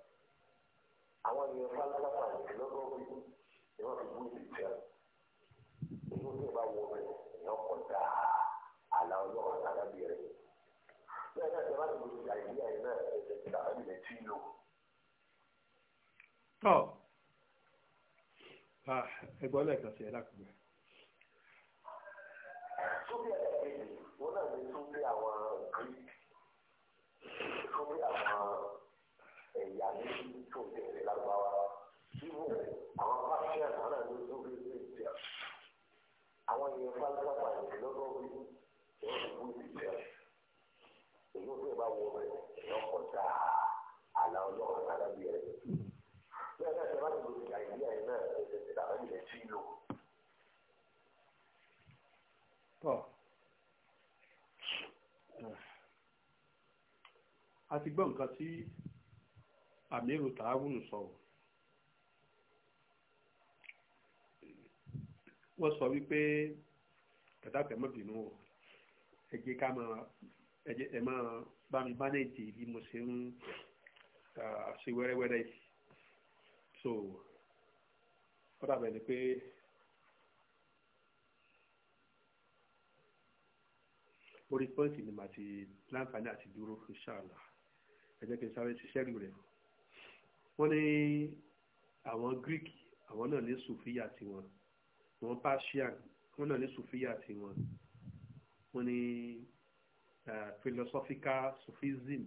àwọn èèyàn fáláfáfá yìí lọ́dọ̀ bí ni wọ́n fi bú ìlú jẹ́ inú tí ìbá wọ bẹ̀ èèyàn kọ̀ dá àlà ọlọ́run àtàlábì rẹ̀ bẹ́ẹ̀ náà ṣe láti lòdì àìní àyè náà ẹ̀jẹ̀ ti dàbẹ́ ilẹ̀ tí ń lò. tọ́ ẹgbọ́n lẹ́ẹ̀kan sí ẹ lákùnrin. sóbì ẹ̀ẹ́dẹ̀gbẹ̀rẹ̀ wọn náà ní sóbì àwọn greek sóbì àwọn ẹ̀yà ní tó tẹ̀lé lágbára ibo àwọn pàṣẹyàn náà ló tó fi ṣe ìjà àwọn èèyàn fásitápà ní lọ́dọ̀ bí wọ́n ti wú ìjà èyí ó fẹ́ bá wọ rẹ̀ lọ́kọ̀ dáa àlà ọlọ́run náà lábẹ́ rẹ̀ bẹ́ẹ̀ náà ṣẹlá ti lo ìjà ìdí àyè náà ẹ̀ṣẹ̀ ti dàbẹ́ ilẹ̀ tí lò. a ti gbọ́ nǹkan tí àmírù tààwùn sọ wọ́n sọ wípé kẹtàkẹ́ mọ́ bínú o ẹ jẹ́ ká máa ẹ jẹ́ ẹ máa bá mi bánẹ́ẹ̀dì bí mo ṣe ń ṣe wẹ́rẹ́wẹ́rẹ́ yìí so ó dàbẹ̀ ni pé orí pọ́ǹsì ni màá ti láǹfààní àti dúró inshallah ẹ jẹ́ kí n sáré ṣiṣẹ́ rú rẹ̀ o wọ́n ní àwọn greek àwọn náà ní sùfíyà tiwọn àwọn persian wọ́n náà ní sùfíyà tiwọn wọ́n ní philosophical sufism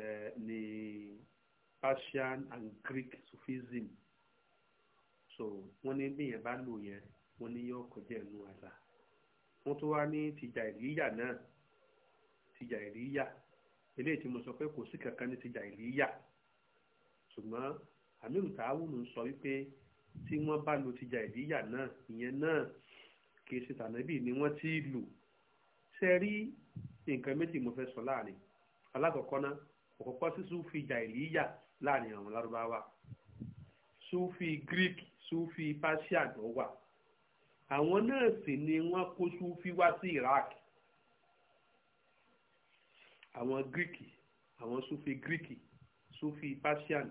uh, ní persian and greek sufism so wọ́n ní bí yẹn bá lò yẹn wọ́n ní yóò kọjá ẹnu àlà wọ́n tún wá ní tìjà ìlíyà náà tìjà ìlíyà eléyìí tí mo sọ pé kò sí kankan ní tìjà ìlíyà ṣùgbọ́n amiru tààwùnù sọ wípé tí wọ́n bá lo ti jàìdíyà náà ìyẹn náà kì í ṣe tànàbí ni wọ́n ti lù ṣe rí nǹkan méjì mo fẹ́ sọ láàrin alákọ̀ọ́kọ́ náà òkọ́kọ́ sí súfì jàìdíyà láàrin àwọn lárúbáwá súfì greek súfì persian ló wà àwọn náà sì ni wọ́n kó súfì wá sí iraq àwọn greek àwọn súfì greek súfì persian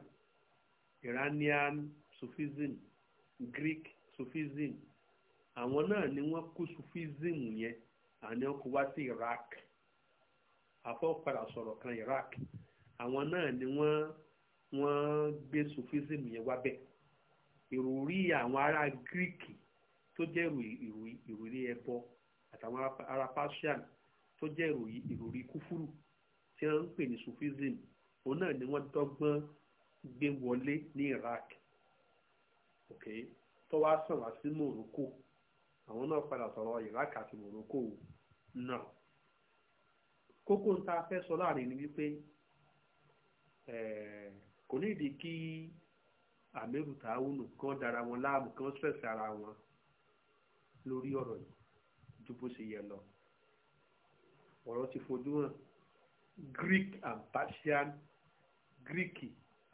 Iranian Sufism Greek Sufism àwọn náà ni wọ́n kó Sufism yẹn àní wọ́n kó wá sí Iraq afọ́padà sọ̀rọ̀ kan Iraq àwọn náà ni wọ́n wọ́n gbé Sufism yẹn wá bẹ́ẹ̀ ìròrí àwọn ará Greek tó jẹ́ ìròrí ẹbọ àtàwọn ará Persian tó jẹ́ ìròrí kúfúrú tí wọ́n ń pè ní Sufism òun náà ni wọ́n dọ́gbọ́n gbé wọlé ní Iraq ok tó wá sàn wá sí Morocco àwọn náà padà sọ̀rọ̀ Iraq àti Morocco náà kókó ń ta fẹ́ sọ láàrin ni wípé kò ní ìdí kí àmẹ́rù tààwùnù kan dára wọn láàmú kan stress ara wọn lórí ọ̀rọ̀ yìí ju bó ṣe yẹ lọ ọ̀rọ̀ ti fojú hàn Greek and Persian Greek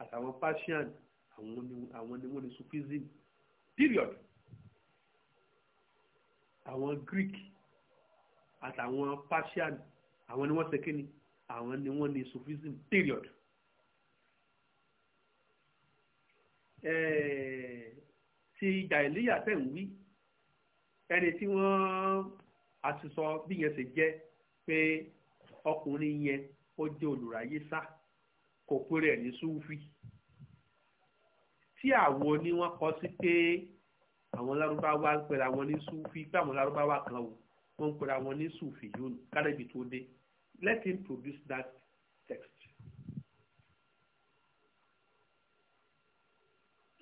àtàwọn Persian àwọn ni àwọn ni wọ́n ní Sufism period àwọn Greek àtàwọn Persian àwọn ni wọ́n sekini, kíni àwọn ni wọ́n ní Sufism period. ti jàìlíyà tẹ̀ ń wí ẹni tí wọ́n àti sọ bí yẹn ṣe jẹ́ pé ọkùnrin yẹn ó jẹ́ olùráyé sáà kò péré ẹ̀ ní súfì tí àwo ni wọ́n kọ sí pé àwọn lárúbáwá ń pera wọn ní súfì pé àwọn lárúbáwá kan o wọ́n ń pera wọn ní súfì yóò kárẹ́bì tó dé let him produce that text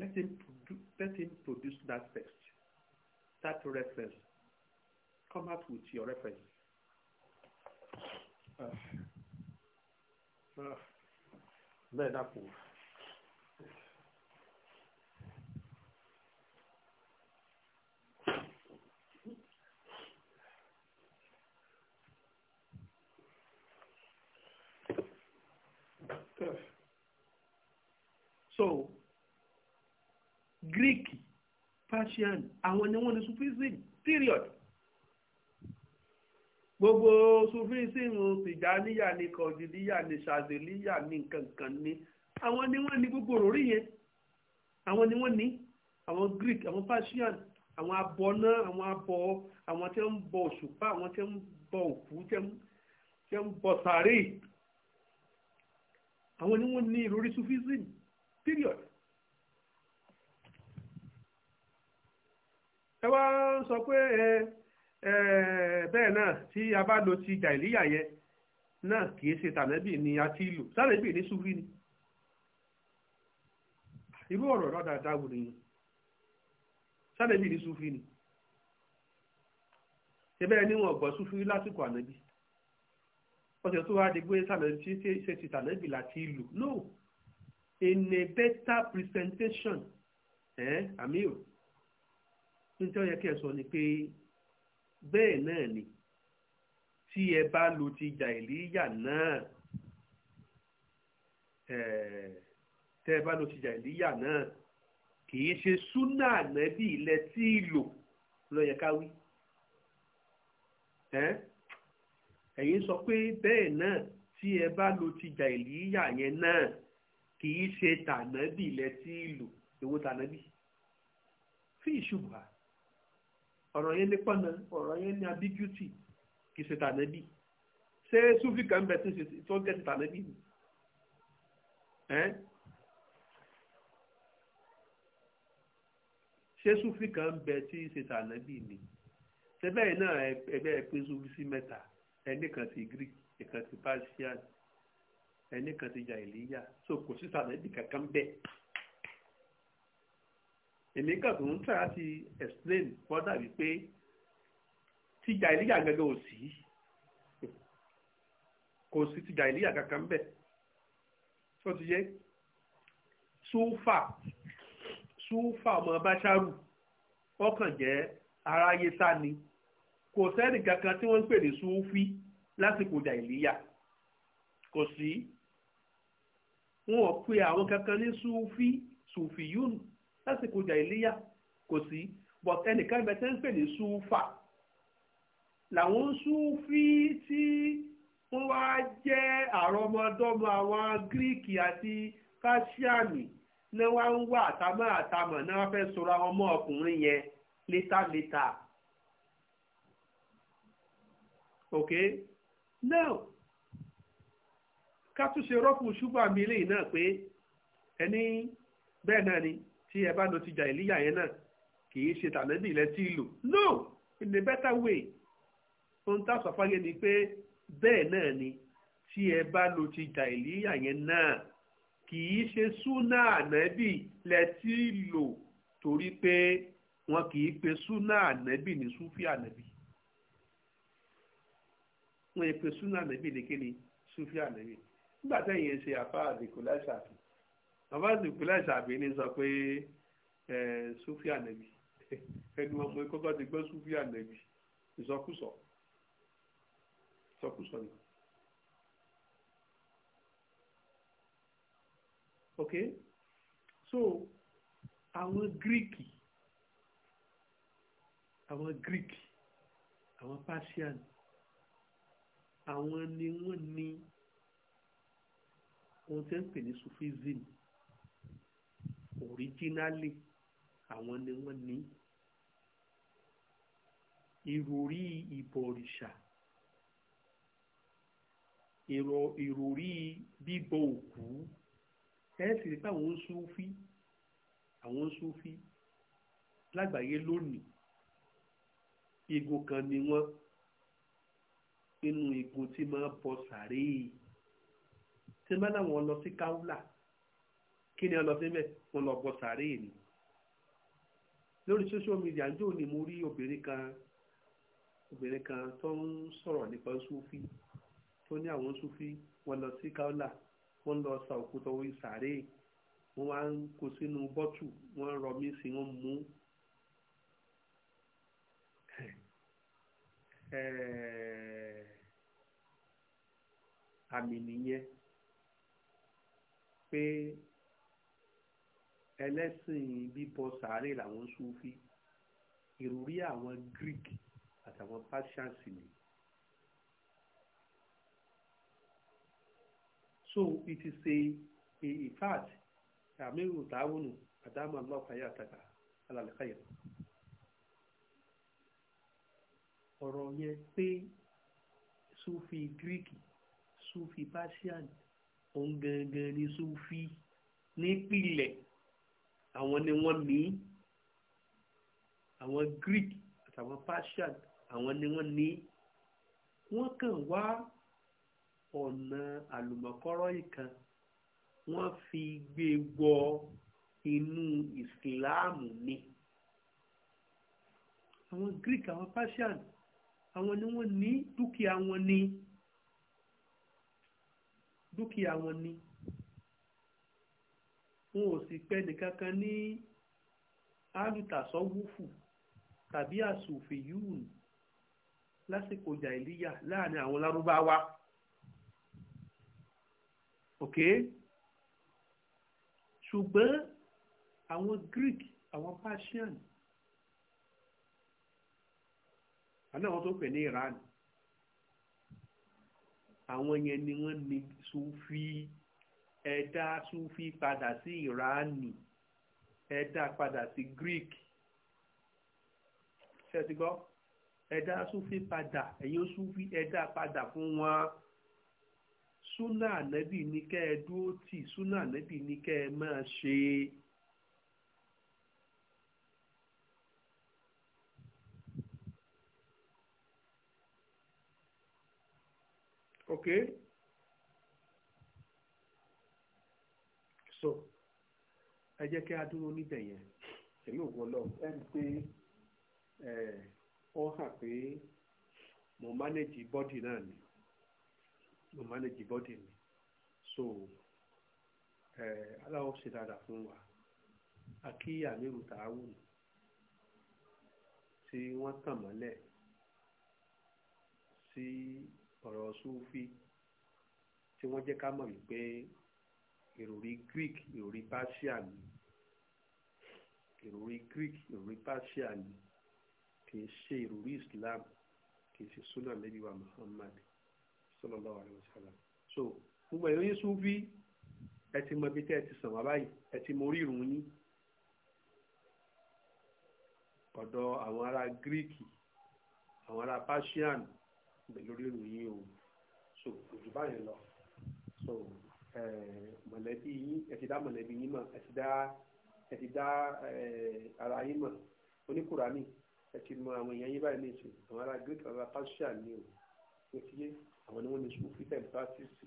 let him produce let him produce that text that reference come out with your reference. Uh, uh bẹ́ẹ̀ dàpọ̀. so greek persian àwọn ni wọ́n ní sufism period gbogbo sufisimu tìjàníyà ni kọ̀dìdíyà ni ṣàzèlíyà ni nkankan ni àwọn ni wọ́n ní gbogbo òrí yẹn àwọn ni wọ́n ní àwọn Greek àwọn Persian àwọn abọ náà àwọn abọ àwọn tí wọ́n ń bọ òṣùpá àwọn tí wọ́n ń bọ òkú tí wọ́n ń bọ sàárè àwọn ni wọ́n ní ìròrí sufisimu period. ẹ wá sọ pé ẹ. Eh, Eh, bẹ́ẹ̀ náà tí a bá lo ti jàìlíyà yẹn náà kì ṣe tànẹ́bì ni a ti lò sànẹ́bì ní ni irú ọ̀rọ̀ rọ́dà dáwò nìyẹn sànẹ́bì ní sùfí ni ṣẹbẹ́ ẹni gbọ́ sùfí lásìkò ànẹ́bì ọ̀sẹ̀ tó wá di pé sànẹ́bì ṣe ti tànẹ́bì láti lò no in a better presentation ẹ̀ àmì ò nítorí ẹ kí ẹ sọ ni pé. bẹ́ẹ̀ náà ni tí ẹ bá lo ti jàìlíyà náà tẹ́ ẹ bá lo ti jàìlíyà náà kì í ṣe súnà ànábì ilẹ̀ tí ì lò lọ́yẹ káwí ẹ̀yin sọ pé bẹ́ẹ̀ náà tí ẹ bá lo ti jàìlíyà yẹn náà kì í ṣe tànábì ilẹ̀ tí lò èwo tànábì fi ìṣubùhà ọ̀rọ̀ yẹn ní pọ̀nà ọ̀rọ̀ yẹn ní ambiguity kì í ṣe tànẹ́bí ṣé sufi kan bẹ tí tó ń tẹ̀sí tànẹ́bí ni. ṣé sufi kan bẹ tí ṣe tànẹ́bí ni ṣẹbẹ́ yìí náà ẹgbẹ́ ẹ̀pín sufi sí mẹ́ta ẹni kan ti greek ẹ̀kan ti persian ẹni kan ti jàìlíyà so kò sí tànẹ́bí kankan bẹ́ẹ̀ èmi kàn tó ń tẹ̀ láti explain further wípé tíjà ìlíyà gẹ́gẹ́ ò sí kò sí tíjà ìlíyà kankan bẹ́ẹ̀ tó ti yẹ súfà súfà ọmọ báṣárù ọkàn jẹ́ aráyé sá ni kò sẹ́ni kankan tí wọ́n ń pè ní súfì lásìkò ìjà ìlíyà kò sí wọn ò pe àwọn kankan ní súfì súfì yúnù lásìkò jàìlíyà kò sí but ẹnìkan bẹ tẹ́ ń pè ní súfà làwọn súfì tí wọ́n wá jẹ́ àrọmọdọ́mọ àwọn gíríkì àti káṣíàmì ní wá ń wá àtàmọ́ àtàmọ́ ní wọ́n fẹ́ sọ̀rọ̀ ọmọ ọkùnrin yẹn létàlétà. okay now ká tún ṣe rọ́pù ṣùgbọ́n àmì eléyìí náà pé ẹni bẹ́ẹ̀ náà ni tí ẹ bá lo ti jàìlíyà yẹn náà kì í ṣe tànẹ́bì ilẹ̀ tí ì lò no in a better way ohun tá a sọ fáyé ni pé bẹ́ẹ̀ náà ni tí ẹ bá lo ti jàìlíyà yẹn náà kì í ṣe súnà ànẹ́bì ilẹ̀ tí ì lò torí pé wọn kì í pe súnà ànẹ́bì ní súfì ànẹ́bì wọn yẹ pe súnà ànẹ́bì ní kíni súfì ànẹ́bì nígbà tẹ́yìn ṣe àfáà àdìkú láìsàfì bàbá ìpínlẹ̀ ṣàbí ni sọ pé sufi anabi ẹni wọn pé kọ́kọ́ ti gbọ́ sufi anabi ìsọkúsọ ìsọkúsọ ni. ok so àwọn gíríkì àwọn gíríkì àwọn persian àwọn ni wọ́n ní ohun tí wọ́n ń pè ní sufism originally àwọn ni wọ́n ní ìròrí ìbọ̀rìṣà ìròrí bíbọ òkú ẹ sì rí pé àwọn Súfí àwọn Súfí lágbàáyé lónìí igun kan ni wọ́n nínú igun tí máa bọ sàréè tí wọ́n bá láwọn lọ sí káúlà kí ni wọ́n lọ sí mẹ́ẹ̀ wọ́n lọ bọ sàárè ni lórí social media ń jò ní mo rí obìnrin kan obìnrin kan tó ń sọ̀rọ̀ nípa sufi tó ní àwọn sufi wọ́n lọ sí kaula wọ́n lọ sa òkú tọwọ́ sàárè wọ́n wá ń kó sínú bọ́tù wọ́n rọ mí sí wọ́n mú àmì nìyẹn pé ẹlẹ́sìn bíbọ sàárè làwọn Sufi ìròrí àwọn Greek àtàwọn Persians ni. so it is a a in fact amiru taawunu adama allah hayataka ala alkhair ọ̀rọ̀ yẹn pé sufi greek sufi persian òun gangan ni sufi nípìlẹ̀ àwọn ni wọ́n ní àwọn Greek àtàwọn Persian àwọn ni wọ́n ní wọ́n kàn wá ọ̀nà àlùmọ̀kọ́rọ́ ìkan wọ́n fi gbé wọ inú ìsìláàmù ni àwọn Greek àwọn Persian àwọn ni wọ́n ní dúkìá wọn ní dúkìá wọn ní wọn ò sì pẹ́ nìkankan ní alùtàsọ́wúfù tàbí àsòfìyún lásìkò jàìlíyà láàrin àwọn lárúbáwá ok ṣùgbọ́n àwọn Greek àwọn Persian àwọn tó pè ní Iran àwọn yẹn ni wọ́n ní sufi ẹ̀dá sufi padà sí ìránì ẹ̀dá padà sí greek ṣe ti gbọ́ ẹ̀dá sufi padà ẹ̀yin sufi ẹ̀dá padà fún wọn súnà ànábì ní kẹ́ ẹ dúró tì súnà ànábì ní kẹ́ ẹ máa ṣe. okay so ẹ jẹ́ kí a dúró níbẹ̀ yẹn ẹ i mo manage body náà ni mo manage body ni so ẹ aláwọ̀ ṣe dáadáa fún wa a kí tí wọ́n tàn mọ́lẹ̀ sí ọ̀rọ̀ tí wọ́n jẹ́ ká mọ̀ ìròrí greek ìròrí persia ni ìròrí greek ìròrí persia ni kì í ṣe ìròrí islam kì í ṣe sunna nabi wa muhammad sallallahu alayhi wa sallam so gbogbo ìròyìn sufi ẹ ti mọ ibi tẹ ẹ ti sàn wá báyìí ẹ ti mọ orí ìrùn yín ọ̀dọ̀ àwọn ará greek àwọn ará persian lórí ìròyìn o so òjò báyìí lọ so. Eh, mọ̀lẹ́bí yín ẹ ti dá mọ̀lẹ́bí yín mọ̀ ẹ ti dá ẹ ti dá eh, ara yín mọ̀ oníkùránì ẹ ti mọ àwọn èèyàn yín báyìí ní ìsìn àwọn ará greek ará persia ní o ó ti yé àwọn ni wọ́n ní sùn fífẹ́ pàṣípì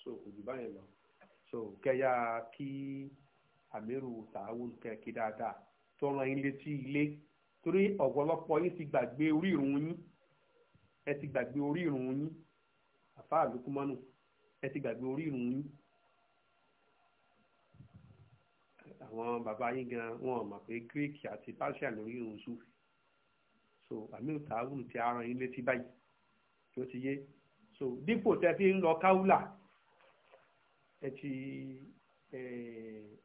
so kò jù báyìí lọ so kẹyà kí àmírù tààwọn kẹkẹ dáadáa tó ràn yín létí ilé torí ọ̀pọ̀lọpọ̀ yín ti gbàgbé orírun yín ẹ ti gbàgbé orírun yín àfáà lókùmọ́nù ẹ ti gbàgbé orí ìrùn yín àwọn bàbá yín gan wọn mọ̀ pé greek àti persia lórí ìrùn sufi so amir taawun ti ara yín létí báyìí tó ti yé so dípò tẹ fi ń lọ káwùlà ẹ ti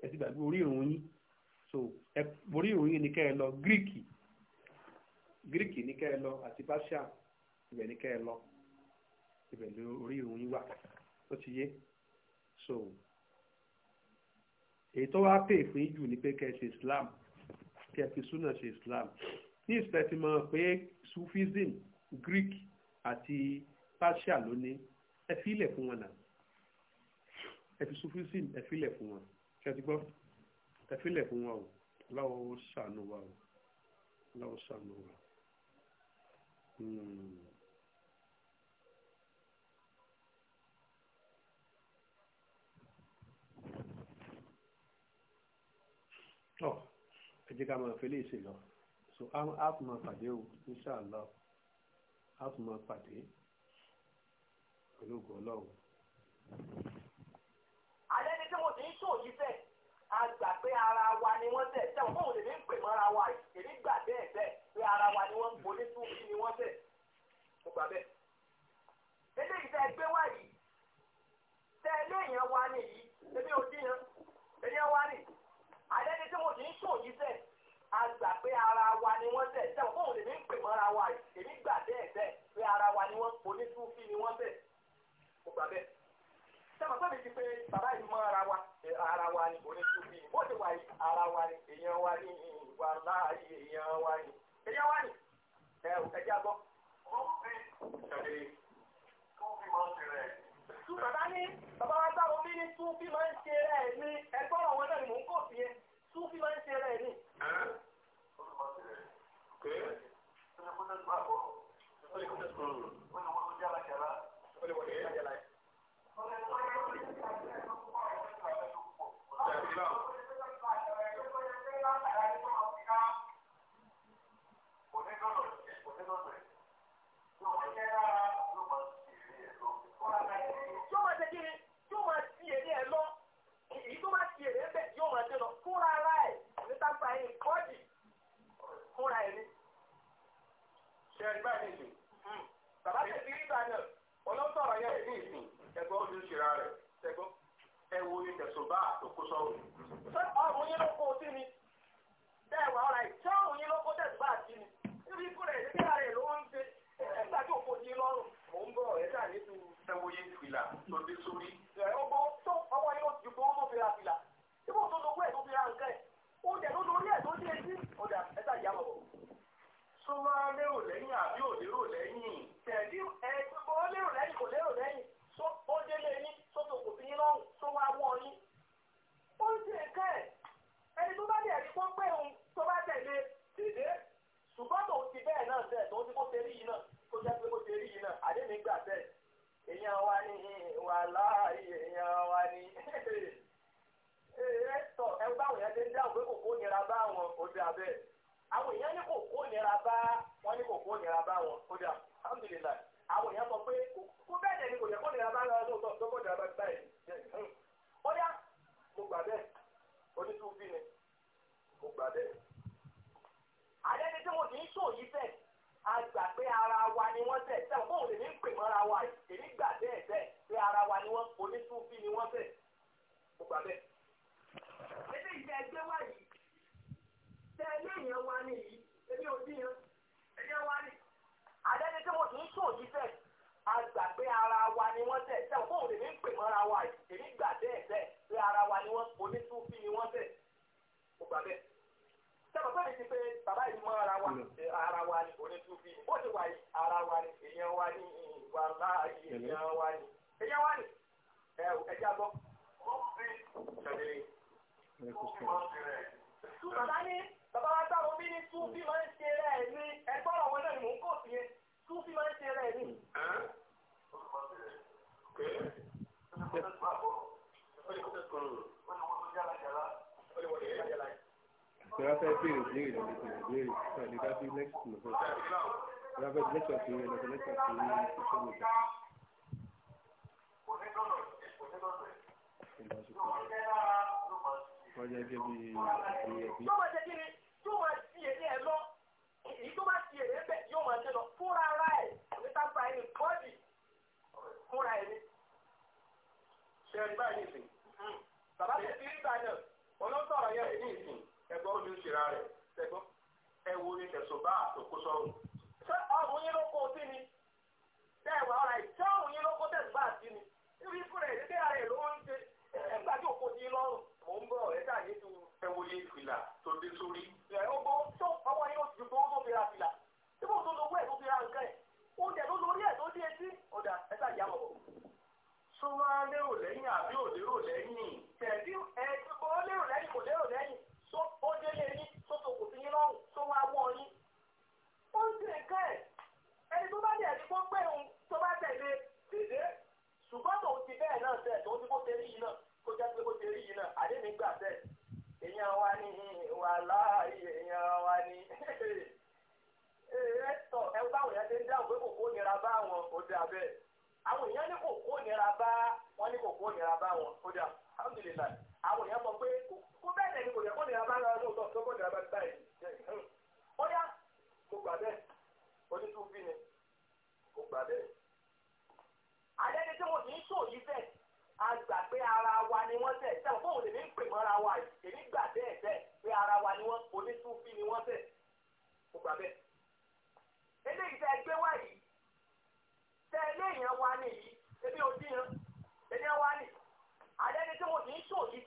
ẹ ti gbàgbé orí ìrùn yín so ẹ orí ìrùn yín ni kẹ́ ẹ lọ greek greek ni kẹ́ ẹ lọ àti persia ibẹ̀ ni kẹ́ ẹ lọ ibẹ̀ lórí ìrùn yín wà ó ti yé so èyí tó wá pè fún jù ni pé kẹ islam kẹ fi súnà ṣe islam ní ìsìlẹ̀tì mọ̀ pé sufism greek àti persia ló ní ẹ fílẹ̀ fún wọn náà ẹ fi sufism ẹ fílẹ̀ fún wọn ṣe ti ẹ fílẹ̀ fún wọn o láwọn ṣàánú wa o láwọn ṣàánú wa. Hmm. tọ́ ẹ jẹ́ ká lọ so a o a tún máa pàdé alẹ́ ni tí mo ti ń tó a gbà pé ara wa ni wọ́n tẹ̀ tẹ̀wọ́n fóun lèmi ń pè mọ́ra wa èmi gbà bẹ́ẹ̀ bẹ́ẹ̀ pé ara wa ni wọ́n bolé tún ni wọ́n tẹ̀ mo gbà bẹ́ẹ̀. sòyíṣẹ́ àgbà pé ara wa ni wọ́n tẹ̀ tẹ̀ fóun lèmi ń pè mọ́ra wa yìí èmi gbà bẹ́ẹ̀ bẹ́ẹ̀ pé ara wa ni wọ́n onítúfí ni wọ́n bẹ́ẹ̀ mo gbà bẹ́ẹ̀ sẹ́wọ̀n sọ́mi ti pé bàbá yìí mọ́ ara wa ara wa ni onítúfí ni bó ti wà yìí ara wa ni èèyàn wa ni ìwà láàyè èèyàn wa ni èèyàn wa ni ẹ ẹja gbọ́. ó fi ṣẹ̀lẹ̀ tó fi máa ń ṣe bàbá ní bàbá wa sáwọn bí ní túfí máa ń ṣe rẹ̀ ní ẹgbọ́n àwọn náà ni mò ń kọ̀ sí yẹn. Sufi bajo. ¿Ah? Se ¿Qué? ¿Qué? ¿Qué? ¿Qué? Hmm. ṣe ẹ̀rí báyìí nìyí. bàbá tẹ̀ sí nígbà náà ọlọ́sọ̀rọ̀ yẹn ní ìsìn ẹ̀gbọ́n ó ti ń ṣera rẹ̀ ṣẹ́gbọ́n ẹ wo ni tẹ̀sọ̀bá àtòkó o sí ni? bẹ́ẹ̀ wà ọ̀rà yìí ṣé ọ̀run yín ló kó tẹ̀sọ̀bá àti ni? níbi ikú rẹ̀ ní ara rẹ̀ ló ń ṣe ẹ̀ẹ́dá tó kó di fìlà tó sórí. ọgbọ́n tó ọwọ́ yóò ti gbọ́ mọ́ fìlà fìlà. tó wá lérò lẹ́yìn àbí ò lérò lẹ́yìn tẹ̀lé ẹ gbogbo ó lérò lẹ́yìn kò lérò lẹ́yìn tó ó délé yín tó tó kò fi yín lọ́rùn tó wá wọ́ yín. ó ń ṣe nǹkan ẹ̀ ẹni tó bá dẹ̀ ẹni tó pé òun tó bá tẹ̀lé dédé ṣùgbọ́n tó ti bẹ́ẹ̀ náà tẹ̀ tó ti kó ṣe rí yìí náà tó jẹ́ pé kó ṣe rí yìí náà àdé mi gbà bẹ́ẹ̀ èèyàn wa ni wà láàyè èèyàn wa ni ẹ tọ ẹ báwọn yẹn ti dáhùn pé kòkó nira báwọn òde àbẹ́ẹ̀ àwọn èèyàn ní kò kó nira bá wọn ní kò kó nira bá wọn kódà alhamdulilayi àwọn èèyàn sọ pé kó bẹ́ẹ̀ dẹ̀ ni kò yẹ kó nira bá lọ́wọ́ tó tó kó nira bá báyìí kódà hmm. mo gbà bẹ́ẹ̀ onítúbí ni mo gbà bẹ́ẹ̀. àdẹ́ni tí mo ti ń sọ yìí bẹ́ẹ̀ a gbà pé ara wa ni wọ́n tẹ̀ sẹ́wọ̀n bóun lè ní pè mọ́ra wa èmi gbà bẹ́ẹ̀ bẹ́ẹ̀ pé ara wa ni wọ́n onítúbí ni wọ́n tẹ̀ mo gbà bẹ́ẹ̀. ẹgbẹ́ ìgbẹ́ ẹgbẹ́ wáyé tẹ léèyàn wá ní yìí èmi ò dín yàn èmi wá ní. àdẹ́ni tí mo tún sùn yìí fẹ́ àgbà pé ara wa ni wọ́n tẹ̀ tẹ̀ fóun lèmi ń pè mọ́ra wa yìí èmi gbà bẹ́ẹ̀ bẹ́ẹ̀ pé ara wa ni wọ́n onítúfí ni wọ́n tẹ̀ mo gbà bẹ́ẹ̀. sẹ́wọ̀n pẹ́ẹ́lí ti pé bàbá yìí mọ́ ara wa mm. ara wa ni onítúfí ó ti wà yìí ara wa ni èèyàn wa ni ìwà láàyè mm-hmm. èèyàn wa ni èèyàn wa ni ẹ ẹ jábọ́. ó fi Bàbá ní Súfí máa ń ṣe rẹ̀ ní ẹgbọ́n àwọn náà ni mò ń kò sí yẹn. Súfí máa ń ṣe rẹ̀ ní. Ìjọba fẹ́ béèrè béèrè béèrè béèrè nígbà tí lẹ́kìtì lọ fẹ́. Ìjọba fẹ́ lẹ́kìtì ọ̀sẹ̀ yẹn lọ́sẹ̀ lẹ́kìtì ọ̀sẹ̀ yẹn ní ṣíṣe mi ta. Wọ́n jẹ́ gẹ́gẹ́ bí ẹbí ti èrè ẹ lọ èyí tó bá ti èrè ẹ bẹ yóò máa ṣe lọ fúnra ara ẹ níta gba ẹni bọ́ọ̀dì fúnra ẹni. ṣe ẹni báyìí nìsín bàbá mi ti rí ìgbà ọlọ́sọ̀ ọ̀rọ̀ yẹn ní ìsìn ẹgbọ́n ojú ìṣera rẹ̀ ẹgbọ́n ẹ wo ni ẹ̀sùn bá àtòkù sọ́run. ṣé ọ̀hún yín ló kó o sí ni? bẹ́ẹ̀ wà ọ̀rọ̀ ẹ wo yé ìfìlà tó dé sórí. ẹ o bọ tó ọwọ́ yóò ju gbogbo tó fi ra fìlà tí mo tó lówó ẹ tó fi ra nǹkan ẹ o jẹ tó lórí ẹ tó dé etí o dà ẹ sá ìyá bọbọ. sọ wá lérò lẹ́yìn àbí ò lérò lẹ́yìn. tẹ̀sí ẹ kò lérò lẹ́yìn kò lérò lẹ́yìn tó ó délé yín tó tó kò sí yín lọ́rùn tó wá wọ́ yín. ó ń ṣe nǹkan ẹ ẹni tó bá dẹ̀ ẹni tó pé òun tó bá tẹ̀lé tèdè ṣùgbọ́n tòun ti bẹ́ẹ̀ náà tẹ̀ tòun ti kó tẹ̀lé yìí náà kó jẹ́ pé kó tẹ̀lé yìí náà àdé mi gbà bẹ́ẹ̀ èèyàn wa ni wàhálà èèyàn wa ni rẹ́tọ̀ ẹ báwọn yẹn ti ń dáhùn pé kò kó nira bá wọn ó dà bẹ́ẹ̀ àwọn èèyàn ní kò kó nira bá wọn ní kò kó nira bá wọn ó dà alhamdulilayi àwọn èèyàn sọ pé kó bẹ́ẹ̀ lẹ́ni kò yẹ kó nira bá lọ lóòótọ́ tó kó nira bá báyìí ó yá kó gbà bẹ́ẹ̀ onítúbí ni kó gbà bẹ́ẹ̀ àdẹ́ni tí mo ti ń sòyí bẹ́ẹ̀ a gbà pé ara wa ni wọ́n tẹ̀ sẹ́wọ̀n fóun lè ní pè mọ́ra wa yìí èmi gbà bẹ́ẹ̀ bẹ́ẹ̀ pé ara wa ni wọ́n onítúfí ni wọ́n tẹ̀ mo gbà bẹ́ẹ̀. eléyìí tẹ́ ẹ wá yìí tẹ́ eléyìí wa ni yìí ebi ò yẹn ebi wá ni àdẹ́ni tí mo ti ń ṣòyí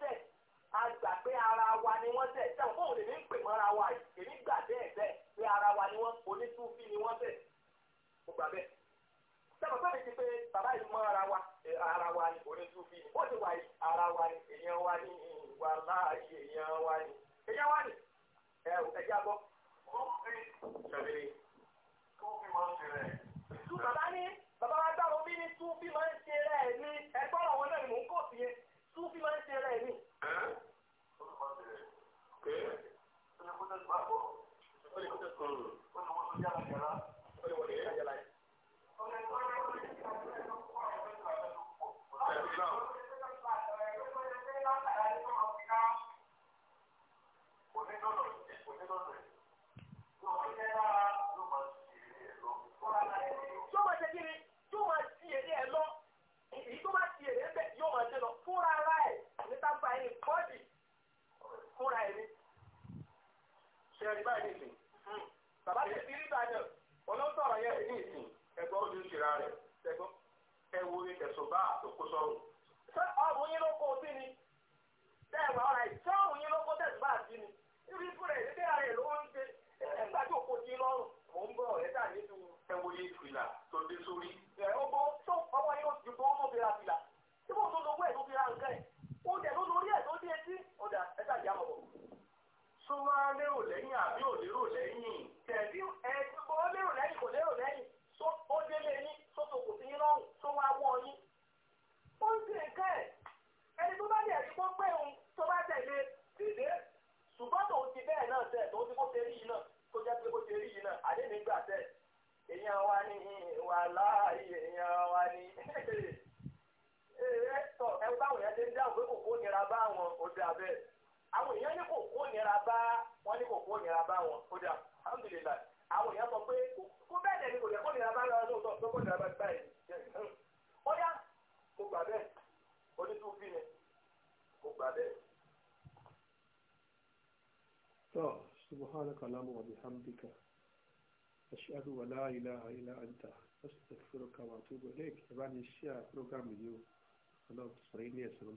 القلم وبحمدك أشهد أن لا إله إلا أنت أستغفرك وأتوب إليك يعني الشيعة بروجرام اليوم أنا بصريني أسمع